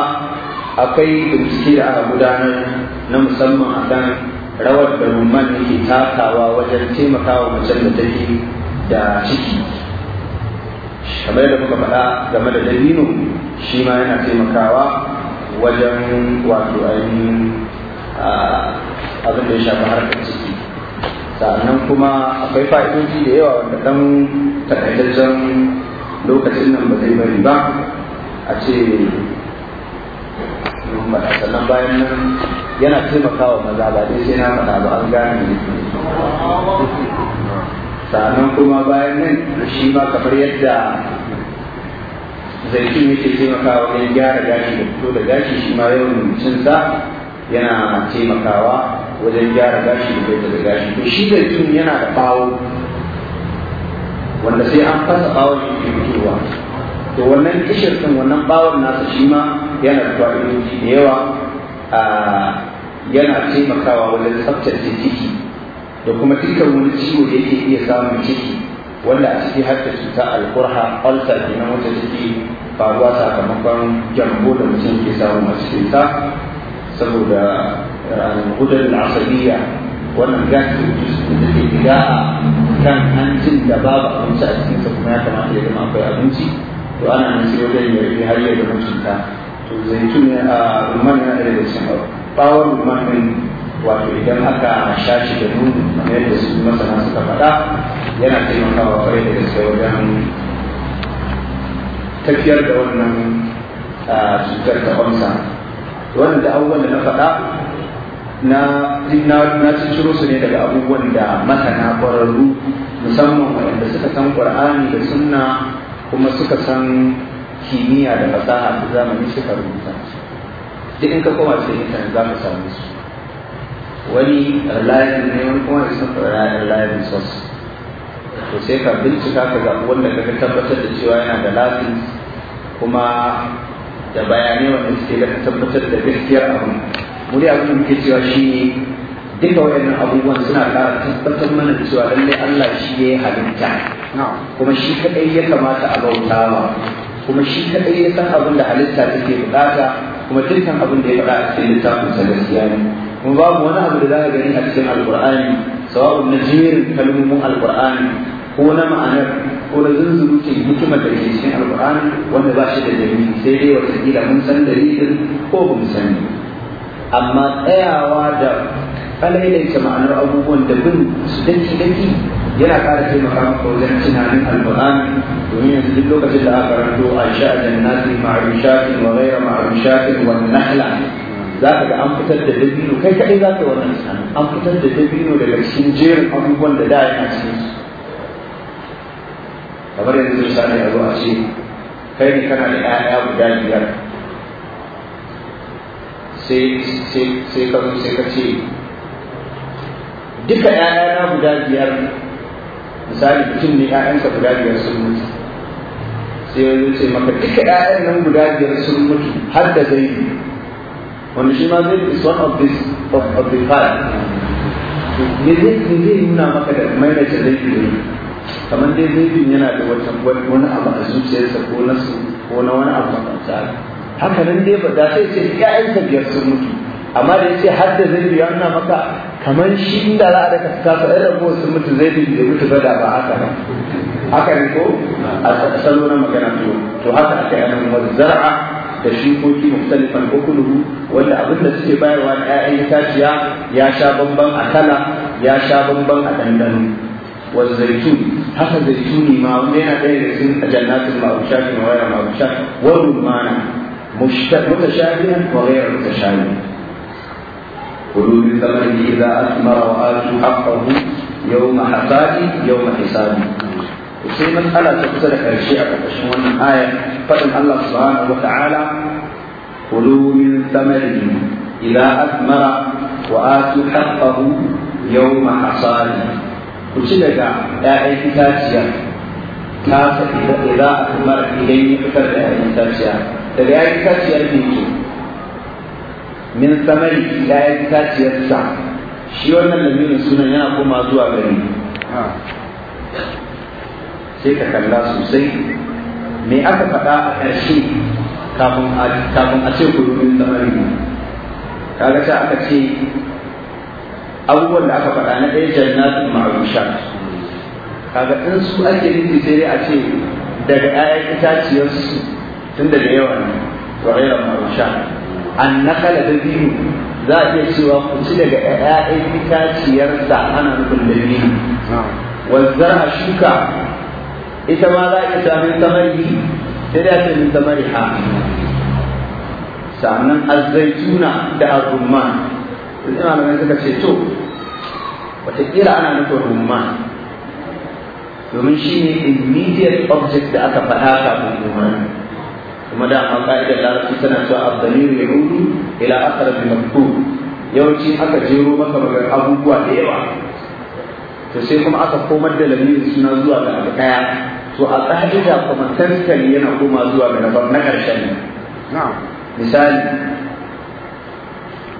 [SPEAKER 1] akwai bincike da aka gudanar na musamman akan rawar da rumman yake takawa wajen taimakawa macen da take da ciki kamar da kuka faɗa game da dabino shi ma yana taimakawa wajen wato ainihin abin da ya shafi harkar ciki sannan kuma akwai fa'idoji da yawa wanda ɗan takaitaccen lokacin nan ba zai bari ba a ce Muhammad sannan bayan nan yana taimakawa maza ba dai sai na faɗa ba an gane sannan kuma bayan nan shi ma kamar yadda zaitun yake taimakawa wajen gyara gashi da fito da gashi shi ma yawan cin sa yana taimakawa wajen gyara gashi da fito da gashi to shi zaitun yana da bawo wanda sai an fasa bawon shi ke fitowa to wannan din wannan bawon nasa shi ma yana da fa'idoji da yawa yana taimakawa wajen tsaftace ciki da kuma dukkan wani ciwo da yake iya samun ciki wanda a ciki har ta cuta alkurha ke nan wata ciki faruwa sakamakon jambo da mutum ke samu masu cikinsa saboda gudun eh, al'asabiyya wannan gaskiyar jisun da ke gida a kan hancin da babu abinci a cikinsa kuma ya kamata ya zama akwai abinci to ana nan sai wajen ya yi har yadda mutunta to zaitun ne a rumman yana da yadda cikin bawon rumman ɗin wato idan aka sha shi da nuna kamar yadda su masana suka faɗa yana taimakawa kwarai da gaske wajen tafiyar da wannan cutar ta kwamsa wannan da abubuwan da na faɗa na na ciro su ne daga abubuwan da masana ƙwararru musamman waɗanda suka san ƙur'ani da sunna kuma suka san kimiyya da fasaha da zamani suka rubuta duk in ka koma cikin intanet za ka samu su wani reliable ne wani kuma da san fara reliable sosai to sai ka bincika ka zaɓi wanda ka tabbatar da cewa yana da lafi kuma da bayanai wanda suke da tabbatar da gaskiyar abu muri abin da muke cewa shi ne duka wayannan abubuwan suna ƙara tabbatar mana da cewa lallai Allah shi ya halitta kuma shi kaɗai ya kamata a wa kuma shi kaɗai ya san abin da halitta take buƙata kuma dukkan abin da ya faɗa a cikin littafin sa gaskiya ne kuma babu wani abu da za ka gani a cikin alƙur'ani sawa'un na jerin kalmomin alqur'ani ko na ma'anar ko na zunzurutun hikimar da ke cikin alqur'ani wanda ba shi da dalili sai dai wata kila mun san dalilin ko ba mu sani amma tsayawa da kalailaita ma'anar abubuwan da bin su daki daki yana ƙara taimaka maka wajen tunanin alqur'ani domin yanzu duk lokacin da aka ranto a sha nasi ma'rushatin wa ghayra ma'rushatin wa nahla za ka ga an fitar da dabino kai kaɗai za ka wannan sanin an fitar da dabino daga cikin jerin abubuwan da da yana cikin su kamar yanzu misali a zuwa ce kai ne kana da 'ya'ya guda biyar sai ka sai ka ce duka na guda biyar misali mutum ne 'ya'yansa guda biyar sun mutu sai ya ce maka duka 'ya'yan nan guda biyar sun mutu har da zai wanda shi ma zai is one of this of, of the five me zai ne zai nuna maka da mai da laifi ne kamar dai laifin yana da wata wani abu a zuciyarsa ko na su ko na wani abu makanta haka nan dai ba da sai ce ƴaƴansa biyar sun mutu amma da ce har da zai biya nuna maka kamar shi inda za a daga kasa ɗan rabu sun mutu zai bi da mutu ba da ba haka ba haka ne ko a salo na magana to to haka aka yi nan zara'a تشريف ملكي مختلفا اكله ولا ابن سي وان اي تاشيا يا شابن بن اكلا يا شابن بن ادندن والزيتون هذا الزيتون ما بين ادين سن جنات ما وشاك ما ما وشاك والرمان متشابها وغير متشابه حلول الثمن اذا اثمر واتوا حقه يوم حصادي يوم حسابي sai matsala ta kusa da karshe a ƙarƙashin wannan ayar faɗin Allah subhanahu wa ta'ala kulu min samarihi idza asmara wa atu haqqahu yawma hasadi ku ci daga ƴaƴan itaciya ta sa idza asmara idan ya fitar da ƴaƴan itaciya daga ƴaƴan itaciya ne ke min samari ƴaƴan itaciyarsa shi wannan lamirin sunan yana koma zuwa gari sai ka kalla sosai me aka faɗa a ƙarshe kafin a ce kudurin zamani kaga ta aka ce abubuwan da aka faɗa na ɗaya jannatin ma'arusha kaga in su ake nufi sai dai a ce daga 'ya'yan itaciyarsu tun daga yawan ne wa ghairu ma'arusha an nakala da biyu za a iya cewa ku ci daga 'ya'yan itaciyarsa ana nufin da biyu wanzar a shuka ita ma za ki sami samari sai da ta yi samari ha sannan azzaituna da arumman sai malamai suka ce to wataƙila ana nufin rumman domin shi ne immediate object da aka faɗa kafin rumman kuma da amma ka'idar larabci tana cewa abdalil hudu, ila akar bi yawanci aka jero maka magana abubuwa da yawa to sai kuma aka komar da lamirin suna zuwa ga abu daya to a ƙa'ida kuma tantali yana koma zuwa ga nabar na ƙarshen ne misali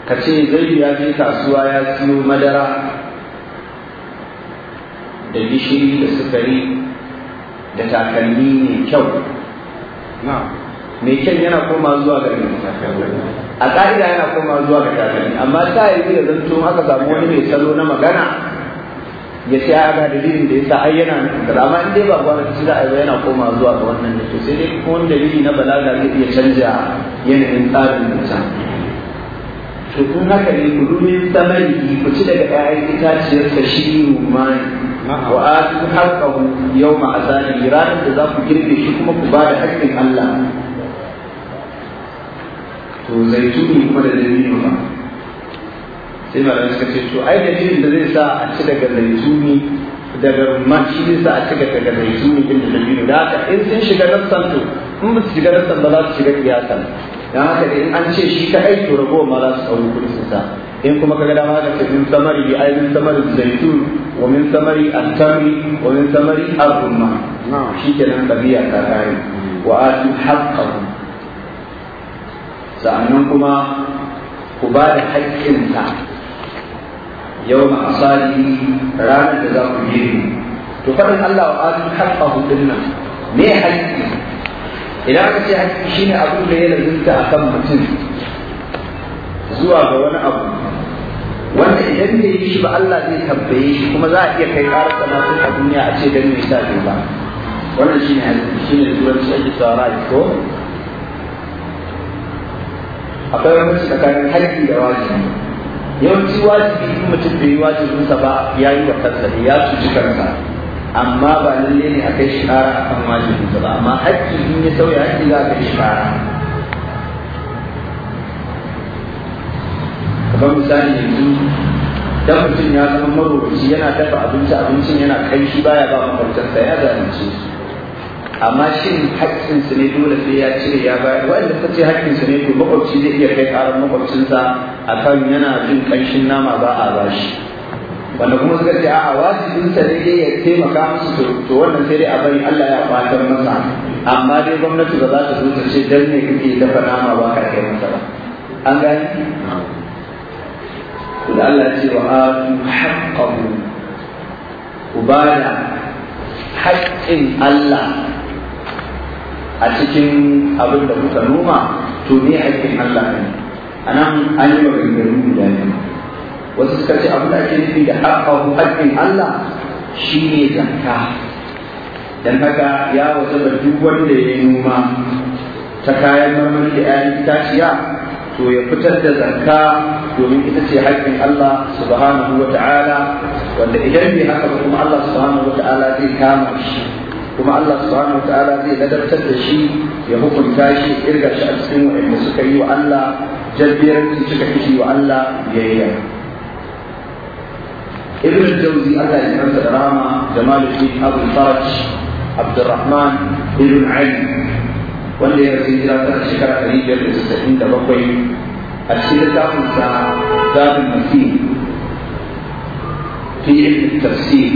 [SPEAKER 1] ka ce zai ya je kasuwa ya siyo madara da gishiri da sukari da takalmi mai kyau mai kyan yana koma zuwa ga a ƙa'ida yana koma zuwa ga takalmi amma ta yi da zanto aka samu wani mai salo na magana ya ce ana dalilin da ya sa ai yana da amma in dai ba gwara ci da aiwa yana koma zuwa ga wannan ne to sai dai ko wanda dalili na balaga zai iya canja yanayin tsarin mutum to kun haka ne ku dubi samari ku ci daga ƴaƴan itaciyar ta shi rumani wa a atu yau ma asani ranar da za ku girbe shi kuma ku ba da haƙƙin Allah to ne kuma da dalilin ba sai malamai suka ce to ai dalilin da zai sa a ci daga zaituni daga maci zai sa a ci daga zaituni din da dabino da haka in sun shiga rassan to in ba su shiga rassan ba za su shiga kiyasan dan haka in an ce shi ka ai to ragowar ma za su kawo kudin su sa in kuma kaga dama ka ce min samari bi ai min samari zaitun wa min samari al-tamri wa min samari al-rumma shi kenan tabiya ta kare wa atu haqqahu sa'annan kuma ku ba da haƙƙinsa yau ma asali ranar da za ku yi to faɗin Allah wa adu haƙa hudun nan me haƙƙi idan aka ce haƙƙi shine abin da ya lalunta a kan mutum zuwa ga wani abu wanda idan bai yi shi ba Allah zai tambaye shi kuma za a iya kai ƙarar sanatun a duniya a ce don me yasa bai ba wannan shi ne haƙƙi shine turanci ake tsara ko akwai wani tsakanin haƙƙi da wajibi yawanci wajibi in mutum bai yi wajibinsa ba ya yi wa kansa ne ya cuci kansa amma ba lalle ne a kai shi a kan wajibinsa ba amma haƙƙi in ya sauya haƙƙi za a kai shi kara kamar misali yanzu dan mutum ya zama marobaci yana dafa abinci abincin yana kai shi baya ba mafarkarsa ya zalunce su amma shin haƙƙin su ne dole sai ya cire ya bayar wanda ta ce haƙƙin su ne to makwabci zai iya kai karar makwabcinsa akan yana jin ƙanshin nama ba a bashi wanda kuma suka ce a'a wajibin sa ne ya taimaka musu to wannan sai dai a bari Allah ya fatar masa amma dai gwamnati ba za ta zo ta ce dan ne kake dafa nama ba ka kai masa ba an gani da Allah ce wa atu haqqahu ubada haƙƙin Allah a cikin abin da kuka noma to ne haƙƙin Allah ne a nan an yi maganganu guda ne wasu suka ce abin da ake nufi da haƙƙin Allah shi ne zakka don haka ya wata da duk wanda ya yi noma ta kayan marmari da 'ya'yan itaciya to ya fitar da zakka domin ita ce haƙƙin Allah subhanahu wa ta'ala wanda idan bai haka ba kuma Allah subhanahu wa ta'ala zai kama shi kuma Allah subhanahu ta'ala zai ladabtar da shi ya hukunta shi irga shi a cikin waɗanda suka yi wa Allah jabbiyar su suka kishi wa Allah biyayya ibn al-jawzi Allah ya karanta da rama jamaluddin abu faraj abdurrahman ibn ali wanda ya rasu jira ta shekara ɗari biyar da sittin da bakwai a cikin littafin sa zabin mafi fi ilmin tafsir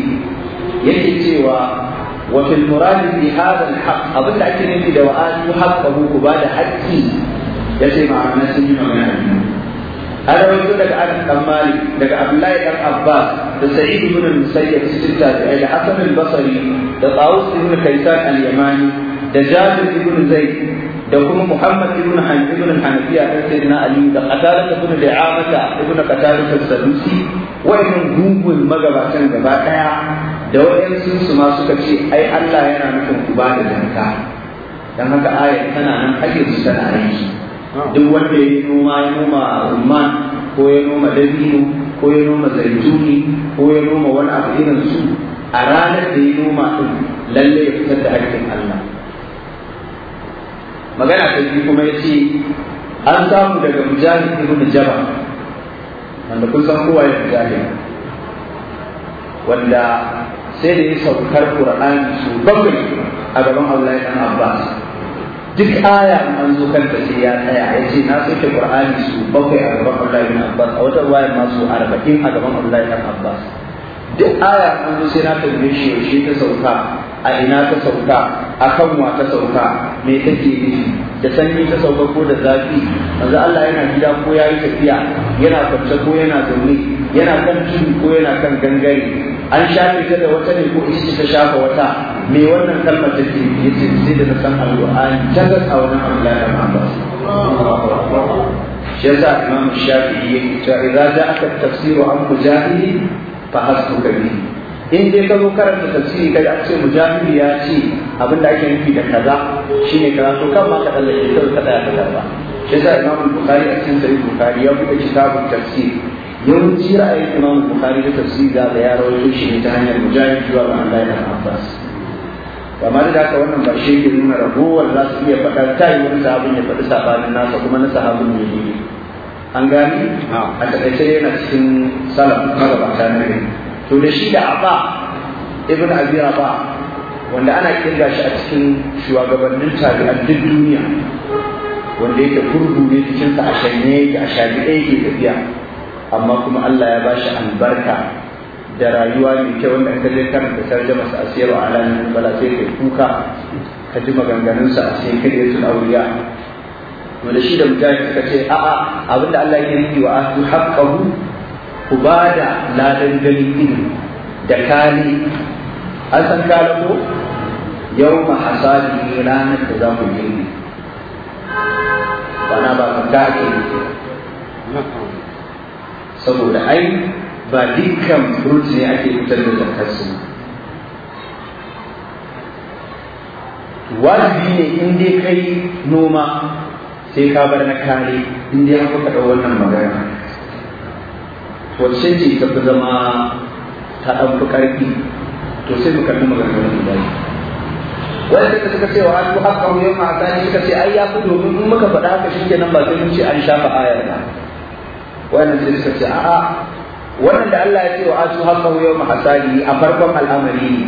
[SPEAKER 1] yake cewa وفي المراد في هذا الحق أظن أكيد في دوائات حقه كبار حقي يسمع عن ناس هذا وجود لك عن مالك لك عبد الله بن عباس لسعيد بن المسيب الستة الحسن البصري لطاووس بن كيسان اليماني لجابر بن زيد لكم محمد بن حنبل بن الحنفية سيدنا علي لقتالة بن دعامة بن قتالة السدوسي وإن جنب المغرب عشان da waɗansu su ma suka ce ai Allah yana nufin ku ba da janka dan haka ayar tana nan ake su tana aiki ah. duk wanda ya yi noma ya noma rumman ko ya noma dabino ko ya noma zaituni ko ya noma wani abu irin su a ranar da ya noma din lalle ya fitar da aikin Allah magana ta biyu kuma ya ce an samu daga mujahid ibn jaba wanda kun san kowa ya mujahid wanda sai da ya saukar Qur'ani su bakwai a gaban ya dan Abbas duk aya an zo kanta sai ya tsaya ya ce na soke Qur'ani su bakwai a gaban Abdullahi dan Abbas a wata ruwaya ma su 40 a gaban Abdullahi dan Abbas duk aya an zo sai na tambaye shi yaushe ta sauka a ina ta sauka a kan wa ta sauka me take yi da sanyi ta sauka ko da zafi manzo Allah yana gida ko yayi tafiya yana kwance ko yana zaune yana kan tudu ko yana kan gangare an shafe ta da wata ne ko ishi ta shafa wata me wannan kalmar da ke yace sai da na san alqur'ani tabbas a wannan abdullahi ibn abbas shi yasa imam ya yake cewa idza ja'aka tafsiru an mujahidi fa hasbuka bihi in dai ka zo karanta tafsiri kaga an ce mujahidi ya ce abin da ake nufi da kaza shine kaza to kan ma ka tsallake ka tsaya ka karba shi yasa imam bukhari a cikin sahih bukhari ya buɗe kitabun tafsiri yawanci ra'ayin imam bukhari da tafsiri da ya rawaito shi ta hanyar mujahid zuwa ga Allah ibn Abbas amma da haka wannan ba shi ke nuna ragowar za su iya faɗa ta yi wani sahabin ya faɗi sabanin nasa kuma na sahabin ne ne an gani a takaice yana cikin salaf ba na ne to da shi da abba ibn abi rabah wanda ana kirga shi a cikin shugabannin tabi'an duk duniya wanda yake kurdu ne cikinsa a shanye yake a ɗaya yake tafiya amma kuma Allah ya bashi albarka da rayuwa mai kyau wanda ka je karanta tarjama sa asiyar wa alamin bala sai kai kuka ka ji maganganun sa sai ka ya tuna auriya to da shi da mujahid suka ce a'a abinda Allah yake yi wa asu haqqahu ku bada ladan gani din da kali an san kala ko yau ma hasadi ranar da za mu girbi bana ba ka kake saboda ai ba dukkan fruits ne ake fitar da zakarsu wajibi ne in dai kai noma sai ka bar na kare in dai haka faɗa wannan magana wacce ce ta fi zama ta ɗan fi ƙarfi to sai mu karɓi maganganun guda Wani da suka ce wa an haka mu yau ma suka ce ai ya fi domin in muka faɗa haka shi kenan ba sai mun ce an shafa ayar ba wannan sai suka ce a'a wannan da Allah ya ce wa asu haqqahu ma hasadi a farkon al'amari ne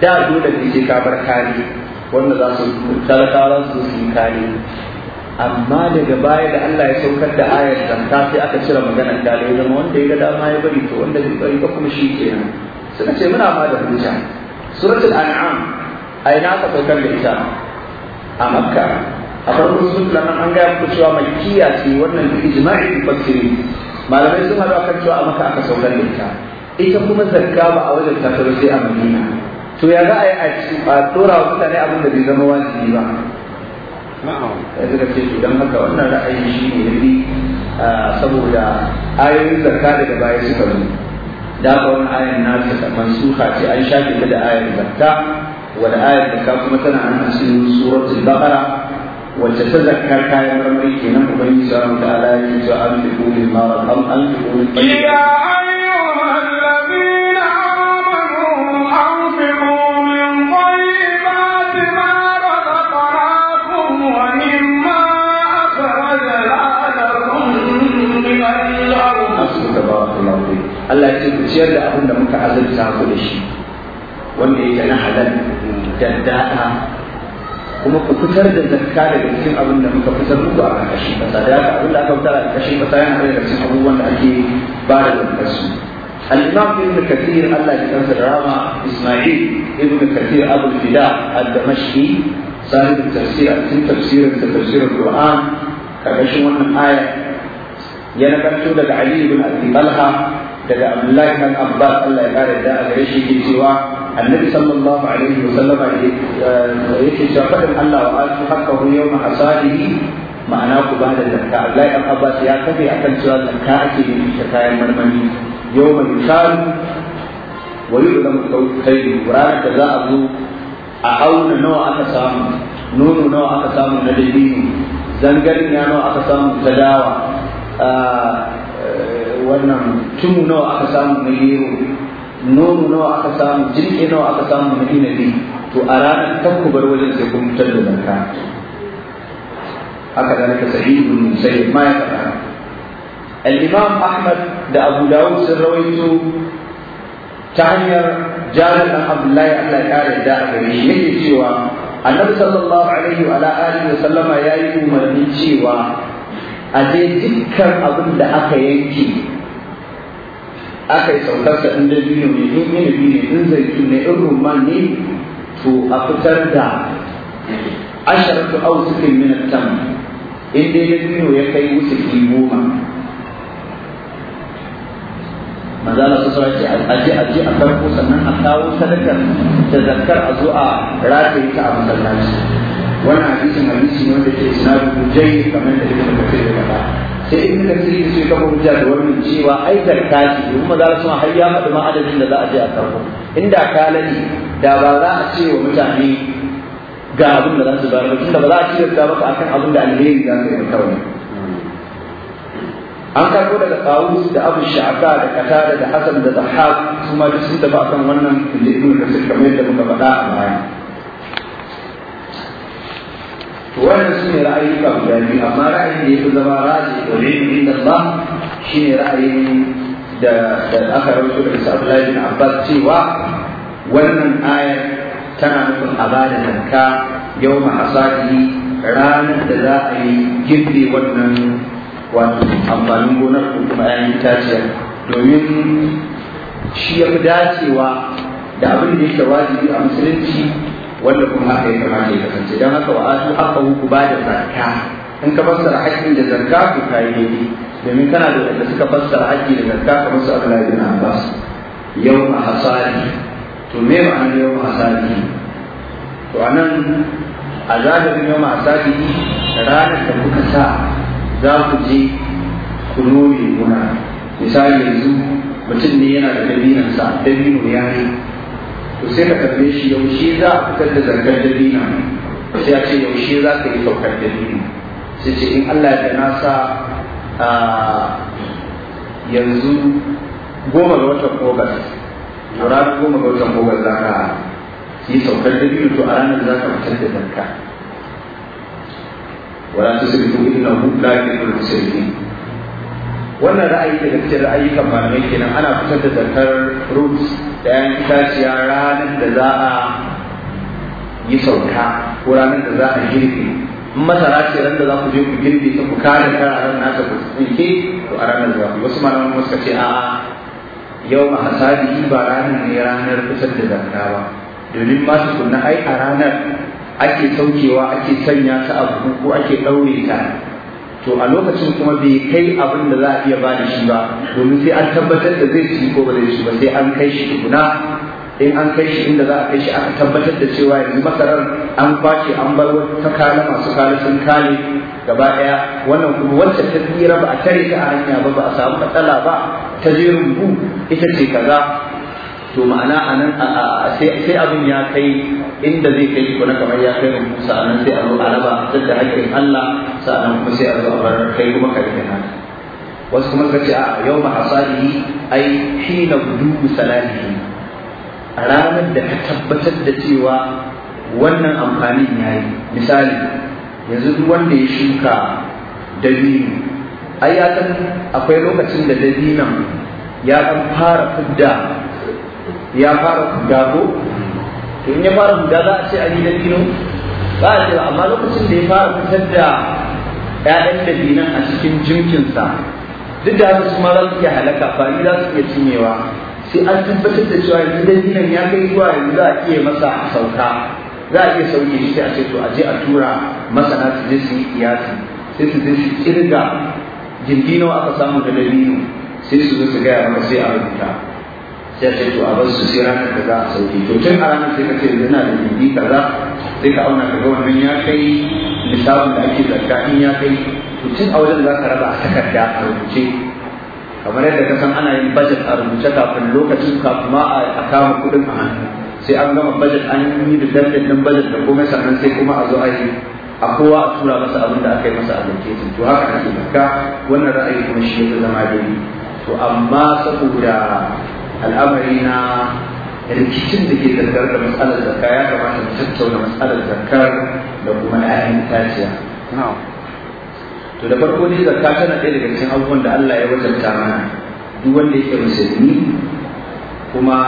[SPEAKER 1] da dole ne ce ka bar kare wanda za su talakawa su su kare amma daga baya da Allah ya saukar da ayar ta sai aka cire maganar da ya zama wanda ya ga dama ya bari to wanda bai bari ba kuma shi kenan suka ce muna ma da hujja suratul an'am ai na ka saukar da ita a makka a farko sun nan an gaya muku cewa kiya ce wannan da ijma'i fasiri malamai sun haɗu akan cewa a maka aka saukar da ita ita kuma zakka ba a wajen ta sai a madina to ya za a yi a tora wa mutane abin da bai zama wajibi ba yanzu da ke idan haka wannan ra'ayi shi ne bi. saboda ayoyin zakka daga baya suka zo da ba wani ayan na da mansuha ce an shafe ta da ayan zakka wani ayan zakka kuma tana nan a cikin suratul baqara wacce ta zakka kayan marmari kenan ubangiji subhanahu ta'ala yake cewa an fi kulli ma raham an fi kulli ya
[SPEAKER 2] ayyuha alladhina amanu anfiqu min tayyibati ma razaqnakum wa mimma akhraja lakum min al-ardh
[SPEAKER 1] Allah ya ce ku ciyar da abin da muka azurta ku da shi wanda yake na halal daddada kuma ku kusar da zakka daga cikin abin da muka kusar duk a kashi kasa da yaka abin da aka kautara a kashi kasa yana daga cikin abubuwan da ake bada da zakkarsu al-imam ibn kathir allah da rama isma'il ibn kathir abul fida al-damashqi sahib tafsir al-tin tafsir tafsir al-qur'an karkashin wannan aya yana karto daga ali ibn abi talha daga abdullahi ibn abbas allah ya kare da a gare shi ke annabi sallallahu alaihi wa sallama eh, yake cewa fadin Allah wa atu haqqahu yawma hasadihi ma'ana ku ba da zakka Abdullahi dan Abbas ya kafe akan cewa zakka ake yi ta kayan marmari yawma yusalu wa yu'lamu tawfiqi ranar da za a zo a auna nawa aka samu nono nawa aka samu na dabino nawa aka samu dawa ah, eh, wannan tumu nawa aka samu na nono nawa aka samu jirgi nawa aka samu madina bi to a ranar kan bar wajen sai kun fitar da zakka haka da ka sahihu sai ma ya faɗa al-imam ahmad da abu dawud sun rawaito ta hanyar jarir dan abdullahi Allah ya kare da gare shi yake cewa annabi sallallahu alaihi wa ala alihi wa sallama yayi umarni cewa a je dukkan abin da aka yanke aka yi sa in biyu ne in biyu ne in zaitu ne in rumman ne to a fitar da su au sukin minar tam in dai biyu ya kai wuce ki goma maza na su sarki aje aje a farko sannan a kawo sadakar da zakar a zo a rataye ta a masallaci wannan hadisin hadisi ne wanda ke sinadu jayi kamar da ibn da ya faɗa sai ka kasir sai ka hujja da wannan cewa ai kaci ce ma za su har ya faɗi ma adadin da za a je a sarko inda ka lani da ba za a ce wa mutane ga abin da za su bayar ba tunda ba za a ce da maka akan abin da alheri za ka yi kawai an karbo daga Tawus da Abu Sha'ba da Qatada da Hasan da Zahab kuma duk sun tafi akan wannan ibn kasir kamar yadda muka faɗa a baya wannan su ne ra'ayyuka guda biyu amma ra'ayin da ya fi zama raji wa ne inda Allah shi ne ra'ayin da aka rawaito da Isa Abdullahi bin Abbas cewa wannan ayar tana nufin a ba da tanka yau mahasaki ranar da za a yi girbe wannan wato amfanin gonar ko kuma ‘ya'yan itaciyar domin shi ya fi dacewa da abin da yake wajibi a musulunci wanda kuma haka ya kamata ya kasance don haka wa asu haka ku ba da zakka in ka fassara haƙƙin da zakka ku kayi daidai domin kana da wanda suka fassara haƙƙi da zakka kamar su Abdullahi ba su yau a hasari. to me ma'anar yau a ne? to a nan, a zahirin yau a hasari ranar da kuka sa za ku je ku nome muna misali yanzu mutum ne yana da dabinansa dabino ya ne to sai ka tambaye shi yaushe za a fitar da zakar dabino sai ya ce yaushe za ka yi saukar dabino sai ce in Allah ya nasa a yanzu goma ga watan a ranar goma ga watan August za ka yi saukar dabino to a ranar za ka fitar da zakka wala tusrifu innahu la yuhibbul musrifin wannan ra'ayi da cikin ra'ayi kan malamai kenan ana fitar da zarkar roots ɗayan itaciya ranar da za a yi sauka ko ranar da za a girbe masara ce ran da za ku je ku girbe ta ku kare kararen nata ku tsinke to a ranar da ku wasu malaman suka ce a yau a hasadi ba ranar ne ranar kusan da zakka ba domin masu kunna ai a ranar ake saukewa ake sanya ta abu ko ake ɗaure ta to a lokacin kuma bai kai abin da za a iya bani shi ba domin sai an tabbatar da zai ci ko ba zai ba sai an kai shi tukuna in an kai shi inda za a kai shi aka tabbatar da cewa yanzu masarar an kwace an bar ta kala masu kala sun kale gaba daya wannan kuma wacce ta tsira ba a tare ta a hanya ba ba a samu matsala ba ta je rumbu ita ce kaza to ma'ana a nan sai abin ya kai inda zai kai kuna kamar ya kai mu sa'anan sai a zo a raba duk da hakkin Allah sa'anan kuma sai a zo a kai kuma karfin haka wasu kuma suka ce a yau ma hasali ai hina gudu salatihi a ranar da ka tabbatar da cewa wannan amfanin ya yi misali yanzu duk wanda ya shuka dabino ai ya akwai lokacin da dabinon ya kan fara fidda ya fara gago to in ya fara guda za a ce a da gino ba a cewa amma lokacin da ya fara fitar da ‘ya'yan dabinan a cikin jinkinsa. duk da haka su ma za su iya halaka ba ni za su iya cinyewa sai an tabbatar da cewa yanzu dabinan ya kai zuwa yanzu za a iya masa sauka za a iya sauke shi a ce to a je a tura masana su je su yi kiyasi sai su je su kirga jirgi nawa aka samu da dalilin sai su zo su gaya maka sai a rubuta sai ce to su sai ranar da za a sauke to tun a ranar sai ka ce yana da bibi kaza sai ka auna ka ga wannan ya kai lissafin da ake zarga in ya kai to tun a wajen za ka raba a takarda a rubuce kamar yadda ka san ana yin budget a rubuce kafin lokacin kafin ma a kama kuɗin a hannu sai an gama budget an yi da dandalin din budget da komai sannan sai kuma a zo a yi a kowa a tura masa abin da aka yi masa a location to haka ake zarga wannan ra'ayi kuma shi ya zama dai to amma saboda al'amarina rikicin da ke tattare da matsalar zakka ya kamata mu tattauna matsalar zakar da kuma ayan taciya to da farko dai zakka tana ɗaya daga cikin abubuwan da Allah ya wajabta mana duk wanda yake musulmi kuma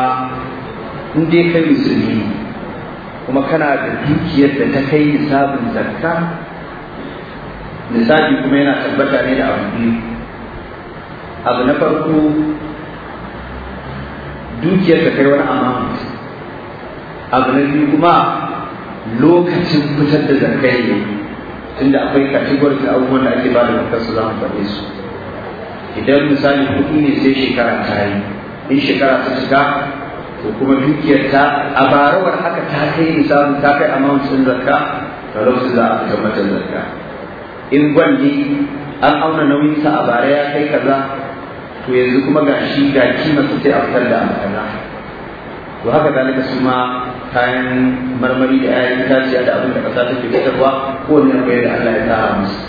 [SPEAKER 1] in dai kai musulmi kuma kana da dukiyar da ta kai nisabin zakka misali kuma yana tabbata ne da abu biyu abu na farko dukiyar da kai wani amana abu na biyu kuma lokacin fitar da zarkai ne tunda akwai category da abubuwan da ake ba da su za mu faɗe su idan misali kuɗi ne sai shekara ta yi in shekara ta cika ko kuma dukiyar ta a barawar haka ta kai samun ta kai amount sun zarka ta lokacin za a fita mata zarka in gwandi an auna nauyinsa a bara ya kai kaza to yanzu kuma ga shi ga kima su sai a fitar da makana to haka zalika su ma kayan marmari da ta itaciya da abin da kasa take fitarwa ko ne akwai da Allah ya tsara musu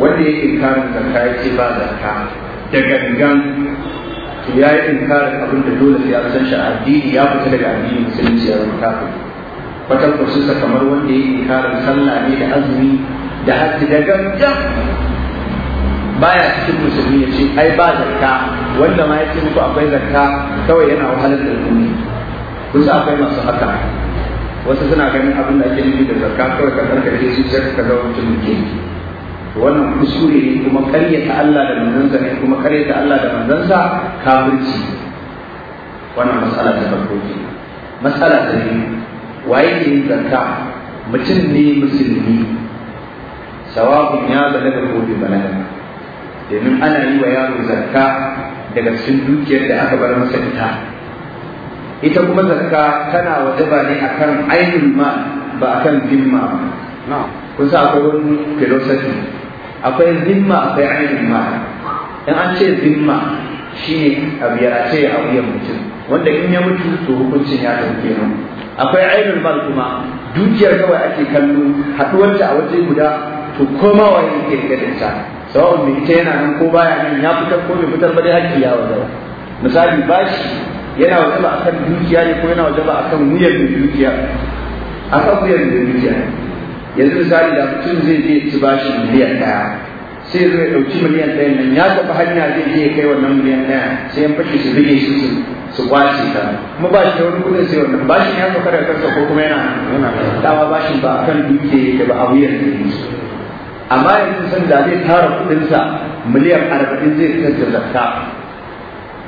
[SPEAKER 1] wanda yake karin da ya ce ba ka da gangan to ya yi inkarin abin da dole sai a san shi addini ya fita daga addini musulunci ya zama kafin watan kursusa kamar wanda ya yi inkarin sallah ne da azumi da hajji da gangan baya cikin musulmi ya ce ai ba zakka wanda ma ya ce muku akwai zakka kawai yana wahalar da musulmi kun sa akwai masu haka wasu suna ganin abin da ake nufi da zakka kawai ka ke su sai ka ga mutum ke wannan kuskure ne kuma karyata Allah da manzansa ne kuma karyata Allah da manzansa kafirci wannan matsala ta farko ce matsala ta biyu waye ne zakka mutum ne musulmi sawabin ya balaga ko bai balaga domin ana yi wa yaro zarka daga cikin dukiyar da aka bar masa ita ita kuma zarka tana wajaba ne akan ainihin ma ba akan dimma ba kun sa akwai wani filosofi akwai dimma akwai ainihin ma in an ce dimma shine abu ya ce a wuyan mutum wanda in ya mutu to hukuncin ya tafi nan akwai ainihin ma kuma dukiyar kawai ake kallo haɗuwarta a waje guda to koma wani ke gadin sawa'un mai ita yana nan ko baya nan ya fitar ko bai fitar ba dai haƙƙi ya wajaba misali bashi yana wajaba akan dukiya ne ko yana wajaba akan wuyar da dukiya akan wuyar da dukiya yanzu misali da mutum zai je ci bashi miliyan ɗaya sai zai ɗauki miliyan ɗaya nan ya taɓa hanya zai je ya kai wannan miliyan ɗaya sai ya fashe su rige shi su su kwace ta kuma ba shi da wani kudin sai wannan bashin ya sauka daga kansa ko kuma yana yana dawa bashin ba akan dukiya yake ba a wuyar da dukiya amma yanzu san da zai tara kudinsa miliyan arba'in zai fitar da zakka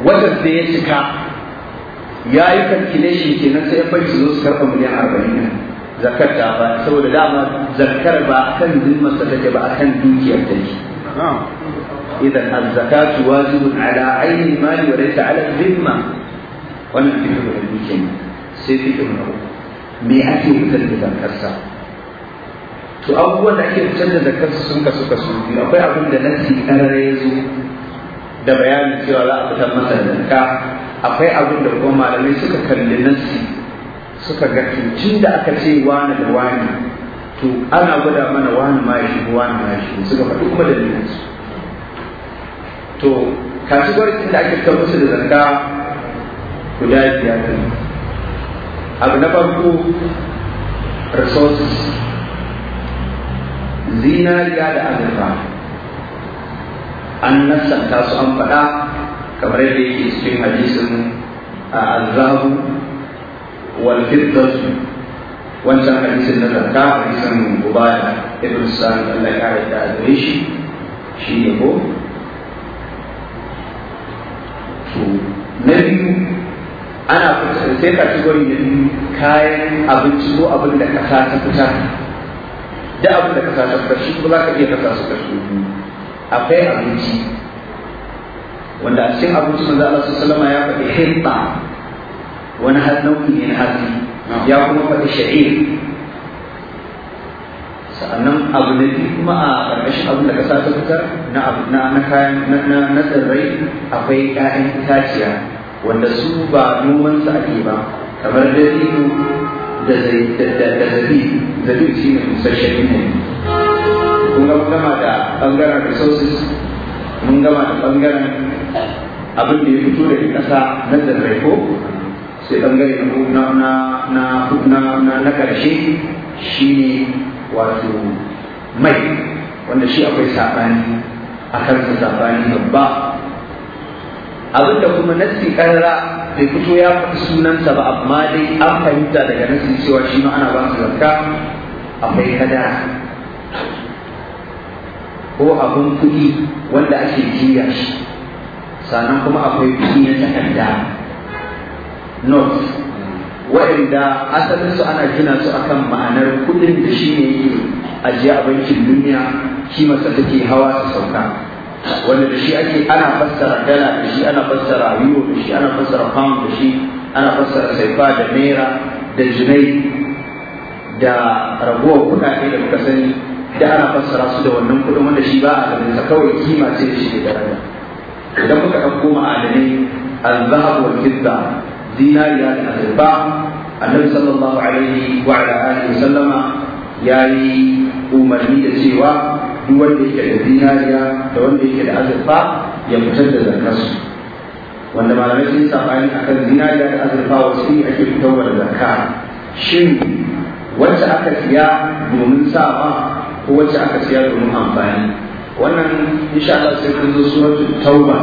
[SPEAKER 1] watan da ya cika ya yi kalkilashin kenan sai bai su zo su karɓa miliyan arba'in ne zakkar ta ba saboda dama zakkar ba a kan zulmar sa take ba a kan dukiyar ta ce idan azzakatu wajibun ala aini mali wa ta ala zimma wannan fitar da dukiya ne sai fitar da me ake mutar da zakkar sa to abubuwan da ake fitar da kansu sun kasu kasu biyu akwai abin da nasi karare ya zo da bayanin cewa za a fitar masa da akwai abin da kuma malamai suka kalli nasi suka ga tun da aka ce wani da wani to ana gwada mana wani ma ya shigo wani ma ya shigo suka faɗi kuma da su to kasuwarcin da ake fitar musu da zakka guda biyar abu na farko resources zinariya da azurfa an nasanta su an faɗa kamar yadda yake cikin hadisin azabu wal wancan hadisin na zakka hadisin gubaya ibn sa'ad Allah ya rika da shi shi ne ko to na biyu ana sai ka ci gwani da kayan abinci ko abin da ƙasa ta fita. da abin da ka sa shi ko za ka iya kasa su kashi akwai abinci wanda a cikin abinci manzo Allah sallallahu alaihi ya faɗi hitta wani har nau'i ne na hatsi ya kuma faɗi sha'ir sa'annan abu ne biyu kuma a ƙarƙashin abin da ka sa ta fitar na na kayan na tsirrai akwai 'ya'yan itaciya wanda su ba noman su ake ba kamar dabino da zai da zabi zabi shi ne busasshen yanayi kun ga mun gama da ɓangaren resources mun gama da ɓangaren abin da ya fito daga ƙasa na zarrai ko sai ɓangare na na na na na ƙarshe shi ne wato mai wanda shi akwai saɓani a kansa saɓani babba abin da kuma nassi ƙarara sai fito ya faɗi sunansa ba amma dai an fahimta daga nan cewa shi ma ana ba su zarka akwai kada ko abin kuɗi wanda ake jiya shi sannan kuma akwai kuɗi na takarda not waɗanda asalinsu ana gina su akan ma'anar kuɗin da shi ne ajiye a bankin duniya masa take hawa su sauka wanda da shi ake ana fassara dala da shi ana fassara euro da shi ana fassara pound da shi ana fassara saifa da naira da jinai da ragowar kuɗaɗe da muka sani da ana fassara su da wannan kuɗin wanda shi ba a ganin sa kawai kima ce da shi da daraja idan muka ɗauko ma'adanai al-zahab wal fidda zinariya da azurfa annabi sallallahu alaihi wa ala alihi sallama yayi umarni da cewa duk wanda yake da zinariya da wanda yake da azurfa ya fitar da zakarsu wanda malamai sun a kan zinariya da azurfa wasu ake fitarwa da zakka shin wacce aka siya domin sawa ko wacce aka siya domin amfani wannan insha Allah sai kun zo suratul tauba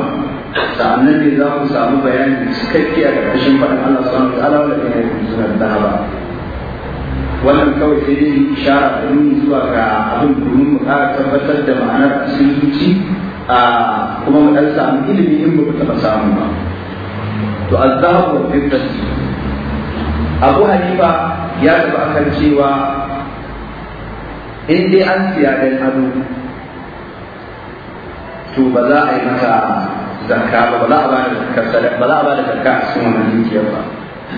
[SPEAKER 1] sa'annan ne za ku samu bayani cikakke a ƙarƙashin faɗin Allah subhanahu wa ta'ala wala ne ya yi da ba wannan kawai sai dai ishara a yi zuwa ga abin domin mu kara tabbatar da ma'anar asirinci a kuma mu ɗan samu ilimi in ba ku taɓa samu ba to azzahu fi fitati abu hanifa ya taɓa akan cewa in dai an siya dan ado to ba za a yi maka zakka ba ba za a ba da zakka ba za a ba da zakka a cikin wannan dukiyar ba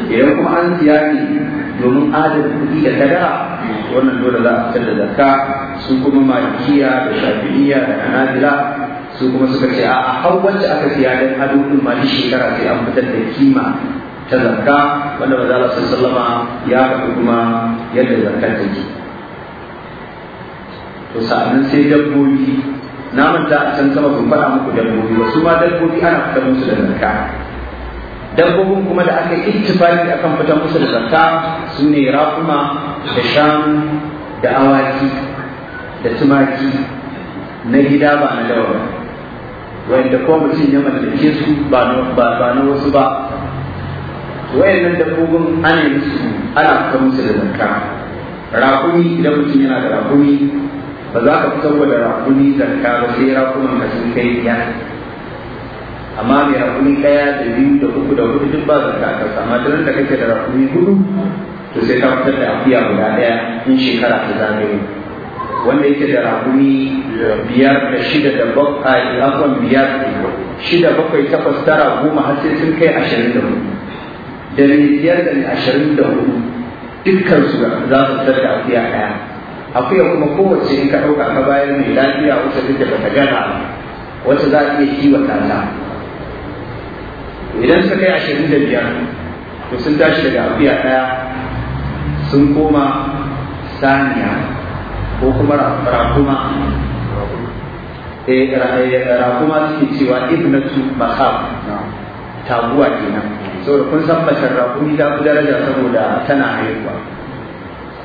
[SPEAKER 1] idan kuma an siya ne domin adana kuɗi da kadara wannan dole za a fitar da zakka su kuma malikiya da shafi'iyya da kanadila su kuma suka ce a hau wacce aka siya don ado ɗin ma shekara sai an fitar da kima ta zakka wanda ba za a Allah sallama ya haɗu kuma yadda zakkar ke. to sa'adun sai dabbobi na manta a can sama ban faɗa muku dabbobi wasu ma dabbobi ana fitar musu da zakka dabbobin kuma da aka yi a kan fitan musu da zakka su ne raƙuma da shanu da awaki da tumaki na gida ba na dawa ba wanda ko mutum ya mallake su ba na wasu ba wayannan dabbobin ana yi su ana fita musu da zakka raƙumi idan mutum yana da raƙumi ba za ka fitar da raƙumi zakka ba sai raƙuman ka sun kai biyar amma mai rakumi ɗaya da biyu da uku da hudu duk ba su a aka sama duk da kake da rakumi hudu to sai ka fitar da akuya guda ɗaya in shekara ta zamani. wanda yake da rakumi biyar da shida da bakwai eh, akwai biyar shida bakwai takwas tara goma har sai sun kai ashirin da hudu da mai biyar da ashirin da hudu dukkan su za su fitar da akuya ɗaya akuya kuma kowace in ka ɗauka ka bayar mai lafiya duk da ba ta gana wata za a iya kiwata ta idan suka kai ashirin da biyar to sun tashi daga akuya ɗaya sun koma saniya ko kuma rakuma eh, eh, rakuma suke cewa ibnatu makab taguwa kenan saboda kun san macen rakumi ta fi daraja saboda tana haihuwa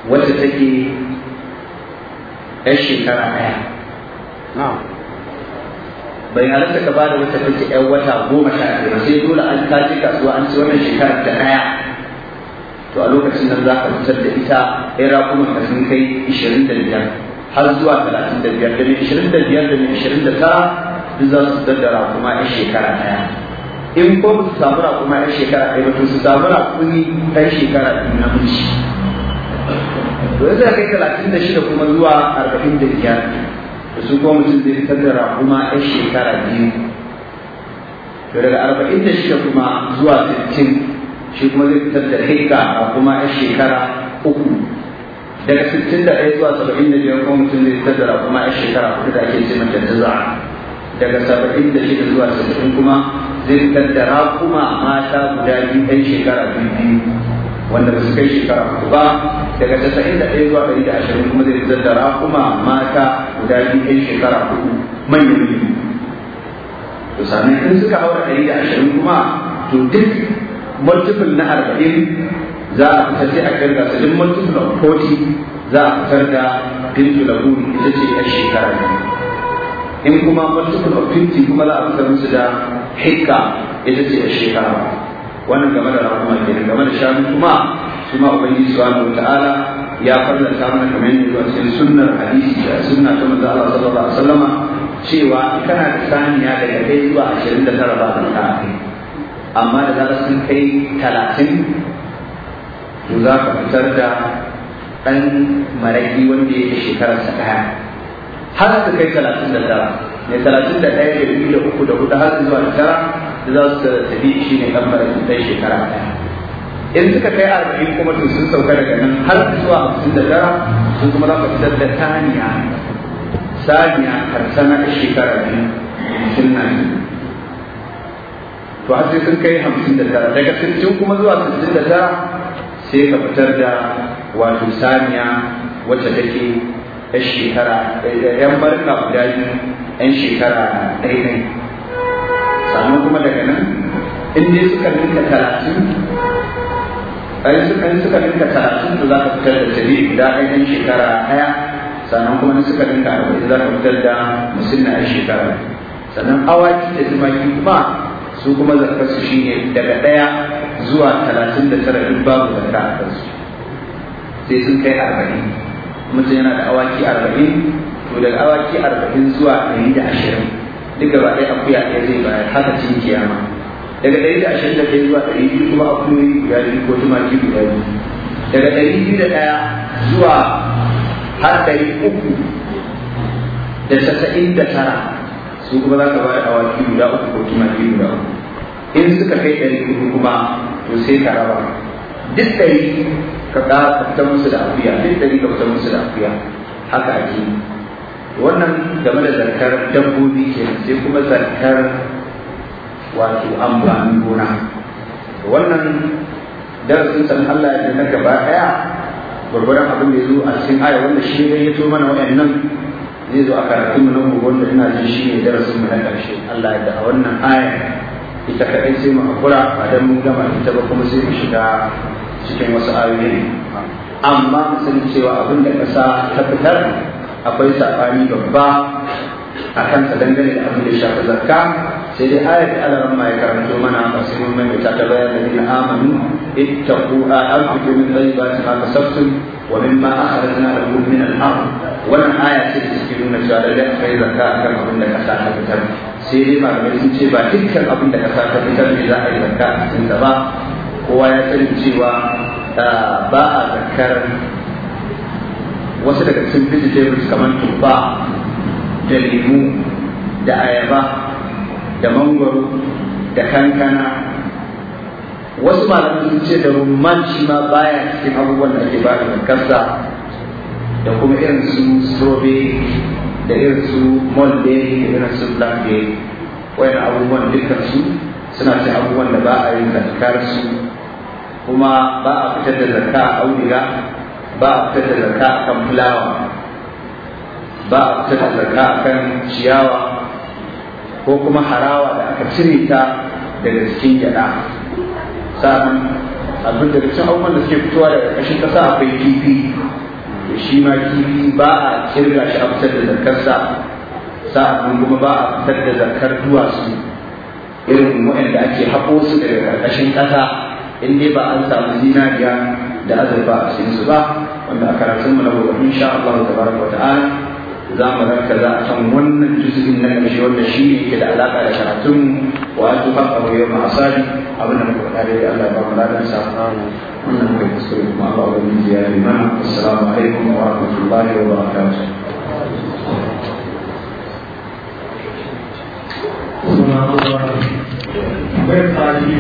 [SPEAKER 1] wacce take 'yan shekara ɗaya bai halatta ka bada wata kake yan wata goma sha biyar sai dole an tashi kasuwa an ci wannan shekarar ta daya to a lokacin nan za ka fitar da ita ɗaya rakunan ka sun kai ishirin da biyar har zuwa talatin da biyar da mai ishirin da biyar da mai ishirin da tara duk za su fitar da rakuma yan shekara daya in ko ba su samu rakuma yan shekara ɗaya ba to su samu rakuni ɗan shekara biyu na mulki to yanzu kai talatin da shida kuma zuwa arba'in da biyar su kuma mutum zai fitar da raƙuma a shekara biyu to daga arba'in da shi kuma zuwa sittin shi kuma zai fitar da hikka kuma a shekara uku daga sittin da ɗaya zuwa saba'in da biyar kuma mutum zai fitar da raƙuma a shekara uku da ake ce mata da za'a daga saba'in da shi zuwa sittin kuma zai fitar da raƙuma mata guda biyu ɗan shekara biyu biyu wanda ba su kai shekara uku ba daga tasa'in da ɗaya zuwa ɗari da ashirin kuma zai zaddara kuma mata guda biyu ɗaya shekara uku manyan biyu to sannan in suka haura ɗari da ashirin kuma to duk multiple na arba'in za a fitar da a kirga su duk multiple of forty za a fitar da bintu buri ita ce a shekara in kuma multiple of fifty kuma za a fitar musu da hikka ita ce a shekara wannan game da rahama ke game da shanu kuma su ma ubangiji subhanahu ta'ala ya farlanta mana kamar yadda a cikin sunnar hadisi da sunna ta manzo Allah sallallahu alaihi wasallam cewa kana da saniya daga kai zuwa 29 ba zan ta amma da zaka sun kai 30 to za ka fitar da dan maraki wanda yake sa ɗaya har ka kai 39 ne 31 da 3 da 4 da 4 har zuwa 9 za su tafi shi ne kan baraki ɗan shekara in suka kai arba'in kuma to sun sauka daga nan har zuwa hamsin da tara sun kuma za ka fitar da saniya saniya har sana shekara biyu sun nan to har sai sun kai hamsin da tara daga sittin kuma zuwa sittin da tara sai ka fitar da wato saniya wacce take a shekara 'yan barka guda biyu 'yan shekara ɗaya sannan kuma daga nan in ne suka ninka talatin ai suka in suka ninka talatin to za ka fitar da jari da ainihin shekara ɗaya sannan kuma in suka ninka arba'in za ka fitar da musulmi a shekara sannan awaki da tumaki kuma su kuma zakar su shine daga ɗaya zuwa talatin da tara in babu zakka a kansu sai sun kai arba'in mutum yana da awaki arba'in to daga awaki arba'in zuwa ɗari da ashirin duk gaba ɗaya akuya ɗaya zai ya haka cin kiyama daga ɗari da ashirin da ɗaya zuwa ɗari biyu kuma akuyoyi guda biyu ko tumaki guda biyu daga ɗari biyu da ɗaya zuwa har ɗari uku da casa'in da tara su kuma za ka bayar a waki guda uku ko tumaki guda uku in suka kai ɗari uku kuma to sai ka raba duk ɗari ka fita musu da akuya duk ɗari ka fita musu da akuya haka ake wannan game da zarkar dabbobi ke sai kuma zarkar wato amfanin gona wannan darasin san Allah ya na gaba daya gurgurdan abin da ya a cikin aya wanda shi ne ya zo mana wayannan zai zo a karatun mu nan wanda ina ji shi ne darasin mu na karshe Allah ya da a wannan aya ita kaɗai sai mu hakura ba dan mun gama ita ba kuma sai mu shiga cikin wasu ayoyi amma mu san cewa abin da ƙasa ta fitar akwai sabani babba a kansa dangane da abin da ya shafi zakka sai dai ayat da alaran ma ya karanto mana a sai mai mai ta bayan da dina amanu ittaqu alfiku min ta ma kasabtum wa ma akhrajna lakum min al ardh wannan aya ce da take nuna cewa lallai akwai zakka akan abin da ka saka fitar sai dai malamai sun ce ba dukkan abin da ka saka fitar ne za a yi zakka a cikin ba kowa ya sani cewa ba a zakkar wasu daga cikin vegetables kamar tuffa da lemu da ayaba da mangoro da kankana wasu malamai sun ce da rumman shi ma baya cikin abubuwan da ake bada zakarsa da kuma irin su strawberry da irin su mulberry da irin su blackberry wayan abubuwan dukkan su suna cin abubuwan da ba a yin zakar su kuma ba a fitar da zakka a auduga ba a fitar da zarka kan fulawa ba a fitar da zarka kan ciyawa ko kuma harawa da aka cire ta daga cikin gyada sa'an abin daga cikin abubuwan da suke fitowa daga ƙashin ƙasa akwai kifi da shi ma kifi ba a kirga shi a fitar da zarkarsa sa'an kuma ba a fitar da zarkar duwatsu irin waɗanda ake haƙo su daga ƙarƙashin ƙasa in dai ba an samu zinariya da azurfa a cikin su ba wanda a karatun mu na gobe insha Allah tabaraka wa ta'ala za mu za a kan wannan juz'in na ƙarshe wanda shi ne ke da alaƙa da karatun wa an tuka abu yau ma abin da muka faɗa da Allah ba mu ladan sa wannan muka kuskure kuma ba wani ya yi mana assalamu alaikum wa rahmatullahi wa barakatuh Wai tsari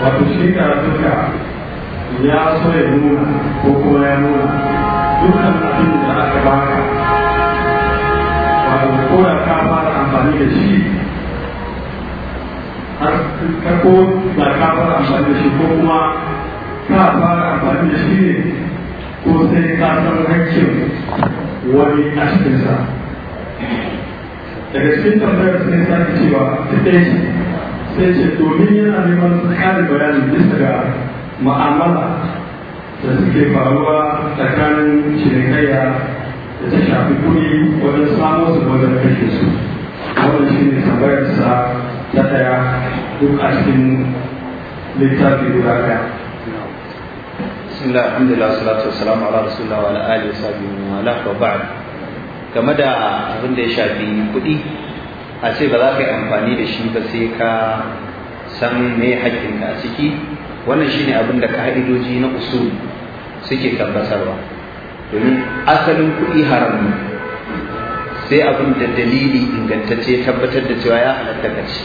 [SPEAKER 1] wato shi karatun da ya so ya nuna ko kuma ya nuna dukkan abin da aka baka wato ko da ka fara amfani da shi ka ko da ka fara amfani da shi ko kuma ka fara amfani da shi ne ko sai ka san hakkin wani a cikinsa daga cikin tambayar sai ta cewa ta ɗaya sai ce domin yana neman tsarin bayanin bisa ga ma'amala da suke faruwa tsakanin cinikayya da ta shafi kuɗi wajen samun su wajen kashe su wannan shi ne tambayarsa ta ɗaya duk a cikin littafi guda ɗaya bismillah alhamdulillah salatu wassalamu ala rasulillah wa ala alihi wasahbihi wa ala wa ba'd game da abin da ya shafi kuɗi a ce ba za ka yi amfani da shi ba sai ka san me haƙƙinka a ciki wannan shine abin da ka'idoji na usul suke tabbatarwa domin asalin kuɗi haram ne sai abin da dalili ingantacce tabbatar da cewa ya halatta ka ci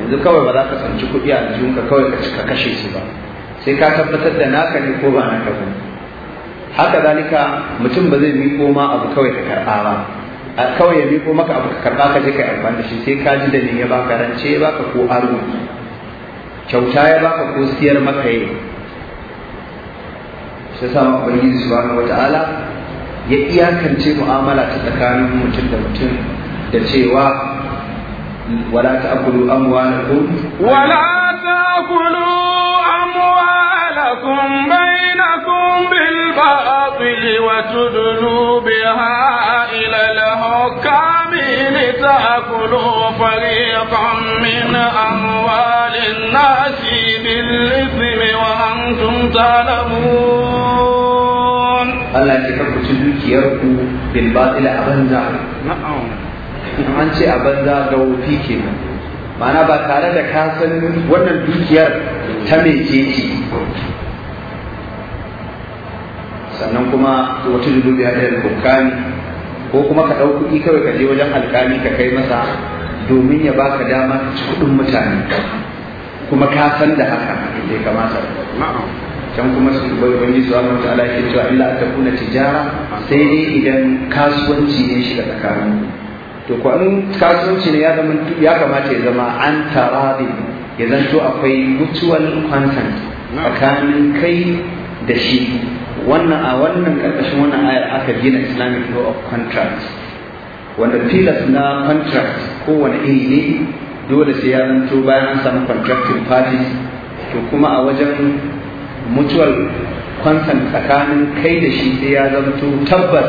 [SPEAKER 1] yanzu kawai ba za ka sanci kuɗi a jikinka kawai ka ka kashe su ba sai ka tabbatar da naka ne ko ba naka ba haka zalika mutum ba zai miƙo ma abu kawai ka karɓa ba a kawai ya miƙo maka abu ka karɓa ka je ka amfani da shi sai ka ji da ne ya baka rance ya baka ko aro kyauta ya baka ko siyar maka yi sai sa maka ubangiji na wata'ala ya iyakance mu'amala ta tsakanin mutum da mutum da cewa wala ta'kulu amwalakum wala
[SPEAKER 2] ta'kulu amwalakum bai الباطل وتدلوا بها إلى الحكام لتأكلوا فريقا من أموال الناس بالإثم وأنتم تعلمون
[SPEAKER 1] الله يتكفر يركو بالباطل أبنزا نعم أنت أبنزا دو banza ga wofi kenan ma'ana ba tare da kasan wannan dukiyar ta mece ce sannan kuma wata ya ɗaya da hukami ko kuma ka ɗauku kuɗi kawai ka je wajen alƙali ka kai masa domin ya baka dama ka ci kuɗin mutane kuma ka san da haka ya kamata can kuma su bai wani su amma ta ala ke cewa illa ta kuna tijara sai dai idan kasuwanci ne shiga tsakanin to ko an kasuwanci ne ya zama ya kamata ya zama an tarabi ya zanto akwai mutual consent tsakanin kai da shi wannan a wannan karkashin wannan ayar aka gina islamic law of contract wanda tilas na contract kowane iri ne dole sai ya zanto bayan an samu contracting parties to kuma a wajen mutual consent tsakanin kai da shi sai ya zanto tabbas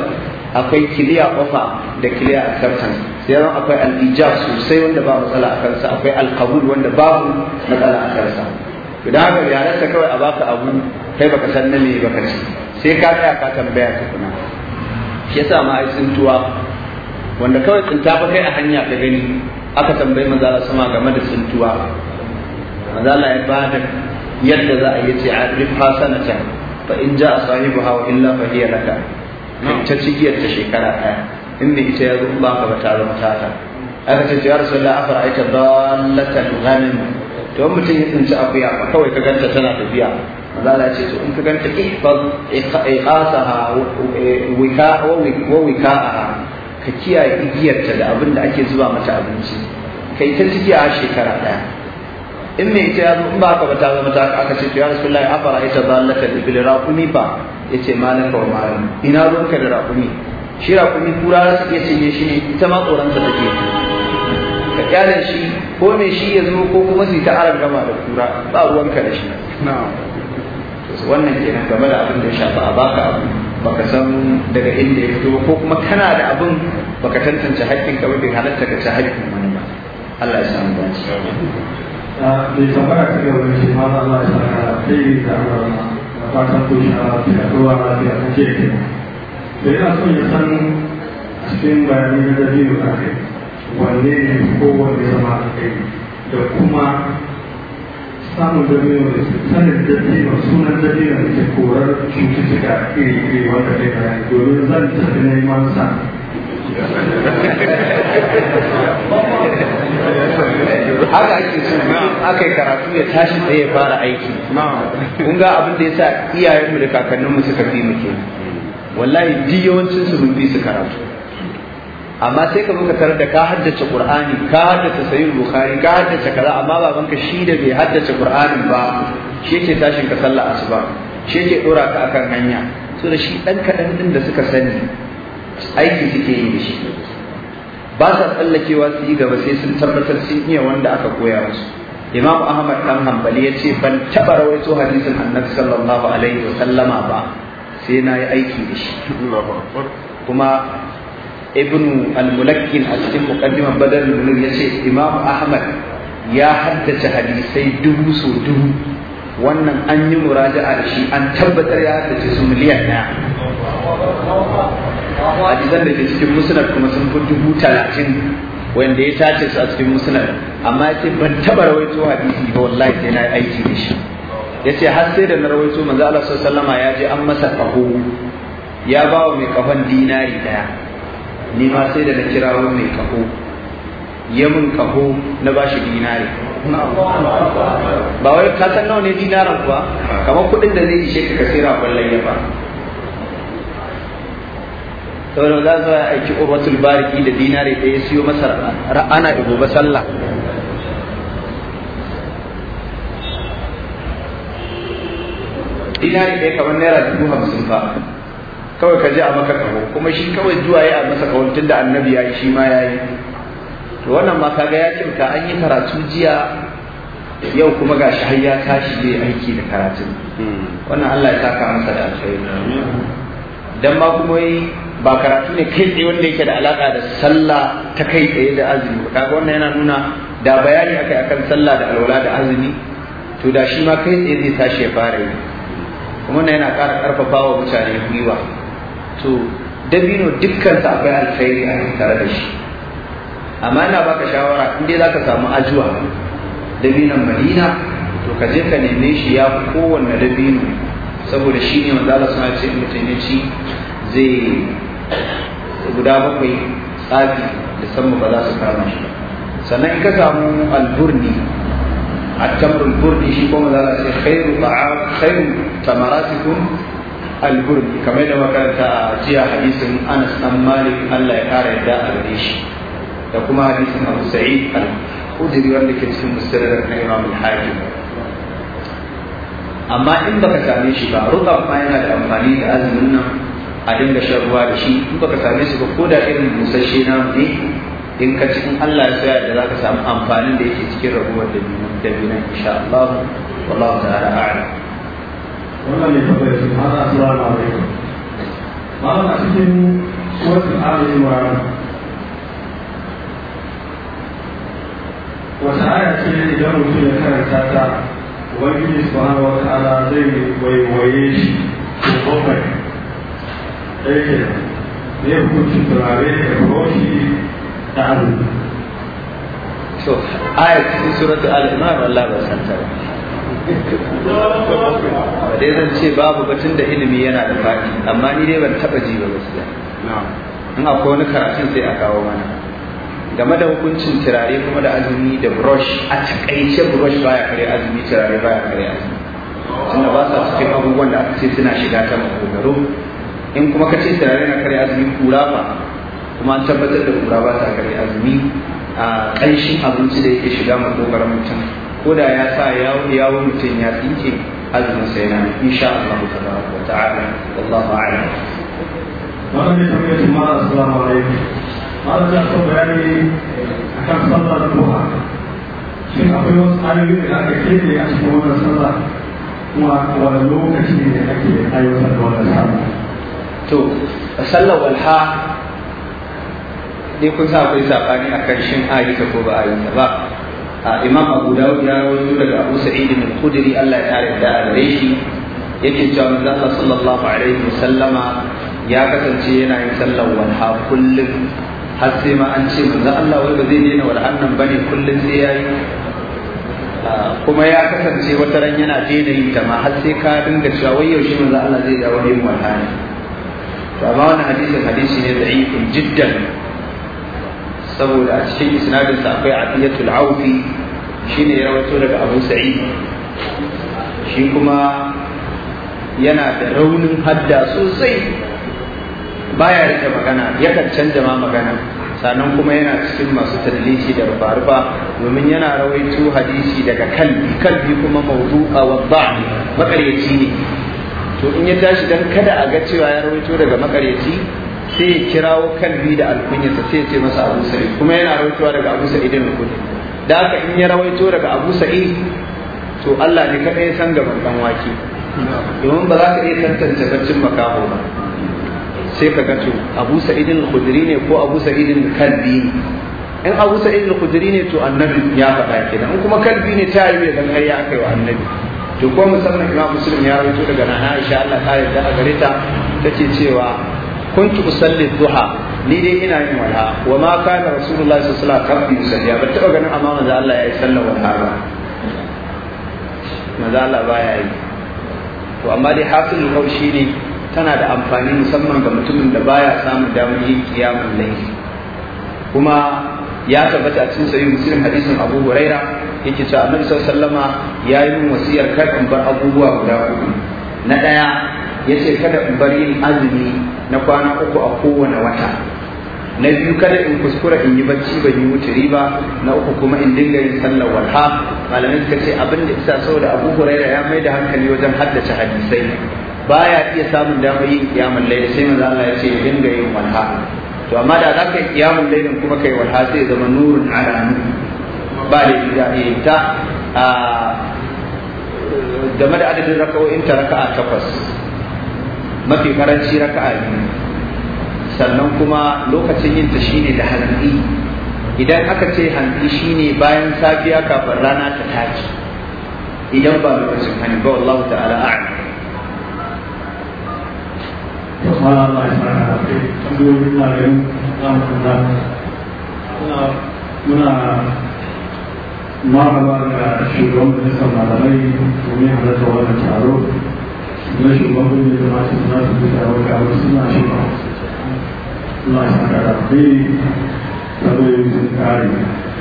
[SPEAKER 1] akwai kiliya offer da clear acceptance sai zan akwai al-ijab sosai wanda ba matsala a kansa akwai al wanda babu matsala a kansa idan da haka yaran ta kawai a baka abu kai baka san na me baka ci sai ka tsaya ka tambaya kuma shi yasa ma ai tsintuwa wanda kawai tsinta ba kai a hanya ka gani aka tambayi manzo Allah sama game da tsintuwa manzo Allah ya bada yadda za a yi ce arif hasanatan fa in ja sahibuha wa illa fa hiya laka ta cikiyar ta shekara daya in bai ita ya zo ba ka ba ta zama ta aka ce ya rasulullah afara aita dallatan ghanim to mutum ya tsinci ya ba kawai ka ganta tana tafiya mazala ya ce to in ka ganta ihfaz iqasaha wika wa wika ka kiyaye igiyarta da abin da ake zuba mata abinci kai ta ciki a shekara daya in me ita ya in ba ka ba ta zama ta aka ce to ya rasulullahi afara ita zallata ibil raqumi ba yace malaka wa malam ina ruwanka da raqumi shi raqumi kura za su cinye shi ne ita ma tsoron ta take kyalin shi ko mai shi ya zo ko kuma su yi ta'arar gama da kura ba ruwanka da shi wannan kenan game da abin da ya shafa a baka abu baka san daga inda ya fito ko kuma kana da abin baka tantance haƙƙin ka bai halatta ka ci haƙƙin wani ba Allah ya samu dace bai tambaya ta gaba shi ma Allah ya saka sai da Allah da fatan ku sha lafiya kowa lafiya kan ce ke da yana so ya san cikin bayanin da zai
[SPEAKER 2] kai. wanne ne kowanne zama a kai da kuma samun dabino da sanin dabino sunan dabino da ke korar cututtuka
[SPEAKER 1] iri iri wanda kai bayani domin zan tafi neman sa haka ake so aka yi karatu ya tashi sai ya fara aiki kun ga abin da ya sa iyayenmu da kakanninmu suka fi muke wallahi duk yawancin su mun fi su karatu amma sai ka muka ka tarar da ka haddace qur'ani ka haddace sahih bukhari ka haddace kaza amma babanka shi da bai haddace qur'ani ba shi yake tashin ka sallah asuba shi yake dora ka akan hanya so da shi dan kadan din da suka sani aiki suke yi da shi ba sa tsallakewa su yi gaba sai sun tabbatar sun iya wanda aka koya musu imam ahmad dan hanbali ya ce ban taba rawaito hadisin annabi sallallahu alaihi wa sallama ba sai na yi aiki da shi kuma ibn al-mulakkin a cikin muqaddimar badal al ya ce imam ahmad ya haddace hadisai dubu so dubu wannan an yi muraja'a da shi an tabbatar ya haddace su miliyan ɗaya hadisan da ke cikin musnad kuma sun fi dubu talatin wanda ya tace su a cikin musnad amma ya ce ban taɓa rawaito hadisi ba wallahi sai aiki da shi ya ce har sai da na rawaito manzo Allah sallallahu alaihi ya je an masa kaho ya ba wa mai ƙafan dinari ɗaya ni ma sai da na kira wani mai kaho ya mun kaho na shi dinari ba wai ka san nawa ne dinaran ba kamar kuɗin da zai ishe ka kasira kwallon ya ba saboda za su aiki urwatul bariki da dinari ɗaya siyo masa ra'ana da gobe sallah dinari ɗaya kamar naira dubu hamsin ba kawai ka je a maka kawo kuma shi kawai zuwa ya a masa kawo tun da annabi ya shi ma ya yi to wannan ma kaga ya cinka an yi karatu jiya yau kuma ga shi har ya tashi ne aiki da karatun hmm. wannan Allah ya saka masa da alkhairi dan ma kuma ba karatu ne kai tsaye wanda yake da alaka da sallah ta kai tsaye da azumi kaga wannan yana nuna da bayani akai akan sallah da alwala da azumi to da shi ma kai tsaye zai tashi ya fara yi kuma wannan yana ƙara ƙarfafa wa mutane gwiwa to dabino dukkan ta akwai alkhairi a tare da shi amma ina baka shawara in dai zaka samu ajuwa dabinon madina to ka je ka neme shi ya fi kowanne dabino saboda shi ne wanda Allah suna ce mutum ya ci zai guda bakwai tsafi da sama ba za su kama shi sannan in ka samu alburni a shi kuma za a ce khairu ta'am khairu tamaratikum al kamar da makaranta a jiya hadisin Anas dan Malik Allah ya kara yadda a gare shi da kuma hadisin Abu Sa'id al-Khudri wanda ke cikin na Imam al amma in baka same shi ba rukab ma yana da amfani da azumin nan a dinga shan ruwa da shi in baka same shi ba ko da irin busasshe na ne in ka cikin Allah ya tsaya da za ka samu amfanin da yake cikin rabuwar da binan insha Allah wallahu ta'ala a'lam wannan ne tambayar su hada asalamu alaikum malam a cikin wasu ali imran wata aya ce idan mutum ya karanta ta ubangiji subhanahu wa ala zai waiwaye shi ko bakwai ɗaya ke ne hukunci turare da roshi da azumi to ayat cikin suratul ali imran Allah ba san ba dai zan ce babu batun da ilimi yana da faɗi amma ni dai ban taɓa ji ba gaskiya in akwai wani karatun sai a kawo mana game da hukuncin turare kuma da azumi da brush a takaice brush baya kare azumi turare baya kare azumi tunda ba sa cikin abubuwan da aka ce suna shiga ta makogaro in kuma ka ce turare na kare azumi kura ba kuma an tabbatar da kura ba ta kare azumi a ƙanshin abinci da yake shiga makogaron mutum Koda ya sa yawo mutum ya tsinke azumin sai na insha Allah tabaraka wa ta'ala wallahu a'lam wannan ne tambayar jama'a assalamu alaikum malam ta so bayani akan sallar duha shin akwai wasu ayoyi da aka kebe a cikin wannan sallah kuma wani lokaci ne ake ayyukan da wannan sallah to sallar walha dai kun sa akwai sabani akan shin ayyuka ko ba ayyuka ba imam abu dawud ya rawaito daga abu sa'id bin khudri Allah ya kare da gare shi yake cewa manzo Allah sallallahu alaihi wasallama ya kasance yana yin sallar walha kullum har sai ma an ce manzo Allah wai ba zai daina walhan nan bane kullum sai yayi kuma ya kasance wata ran yana daina yin ta ma har sai ka dinga cewa wai yaushe manzo Allah zai dawo yin walha ne to amma wannan hadisin hadisi ne da'ifun jiddan saboda a cikin isnadin sa akwai afiyatul aufi shine ya rawaito daga abu sa'id shi kuma yana da raunin hadda sosai baya rike magana yakan canza ma magana sannan kuma yana cikin masu tadlisi da rufa domin yana rawaito hadisi daga kalbi kalbi kuma mawdu'a wa ba'd makaryaci ne to in ya tashi dan kada a ga cewa ya rawaito daga makaryaci sai ya kirawo kalbi da alkunyarsa sai ya ce masa abu sa'id kuma yana rawaitowa daga abu sa'id al kudi da haka in ya rawaito daga abu sa'id to Allah ne kaɗai ya san gaban dan wake domin ba za ka iya tantance barcin makaho ba sai ka ga to abu sa'id al khudri ne ko abu sa'id al kalbi in abu sa'id al khudri ne to annabi ya faɗa kenan in kuma kalbi ne ta yi dan kai ya kai wa annabi to ko musamman imam muslim ya rawaito daga nana insha Allah ta yarda a gare ta tace cewa kuntu usalli zuha, ni dai ina yin wala wa ma kana rasulullahi sallallahu alaihi wasallam kafin usalli ba taba ganin amma manzo Allah ya yi sallar wala ba manzo baya yi to amma dai hafizul qawl ne tana da amfani musamman ga mutumin da baya samun damar yin kiyamul layl kuma ya tabbata a cikin sahih muslim abu huraira yake cewa annabi sallallahu ya yi min wasiyar kar bar abubuwa guda uku na ya ce kada in bar yin azumi na kwana uku a kowane wata na biyu kada in kuskura in yi bacci ban yi wuce ba na uku kuma in dinga yin sallar walha malamai suka ce abin da isa saboda abu huraira ya mai da hankali wajen haddace hadisai baya iya samun damar yin kiyamun laili sai manzo Allah ya ce dinga yin walha to amma da za ka yi kiyamun lailin kuma kai walha sai ya zama nurun ala ba da ida eh, ta ah, game da adadin raka'o'in ta raka'a takwas mafi karanci raka'a biyu sannan kuma lokacin yin ta shine da hantsi idan aka ce hantsi shine bayan safiya kafin rana ta tashi idan ba lokacin hani ba Allah ta'ala a'lam muna maraba da shugaban majalisar malamai domin halarta wannan taro Nós vamos de mais que nós precisamos acabar de nós irmãos. Nós na
[SPEAKER 3] cara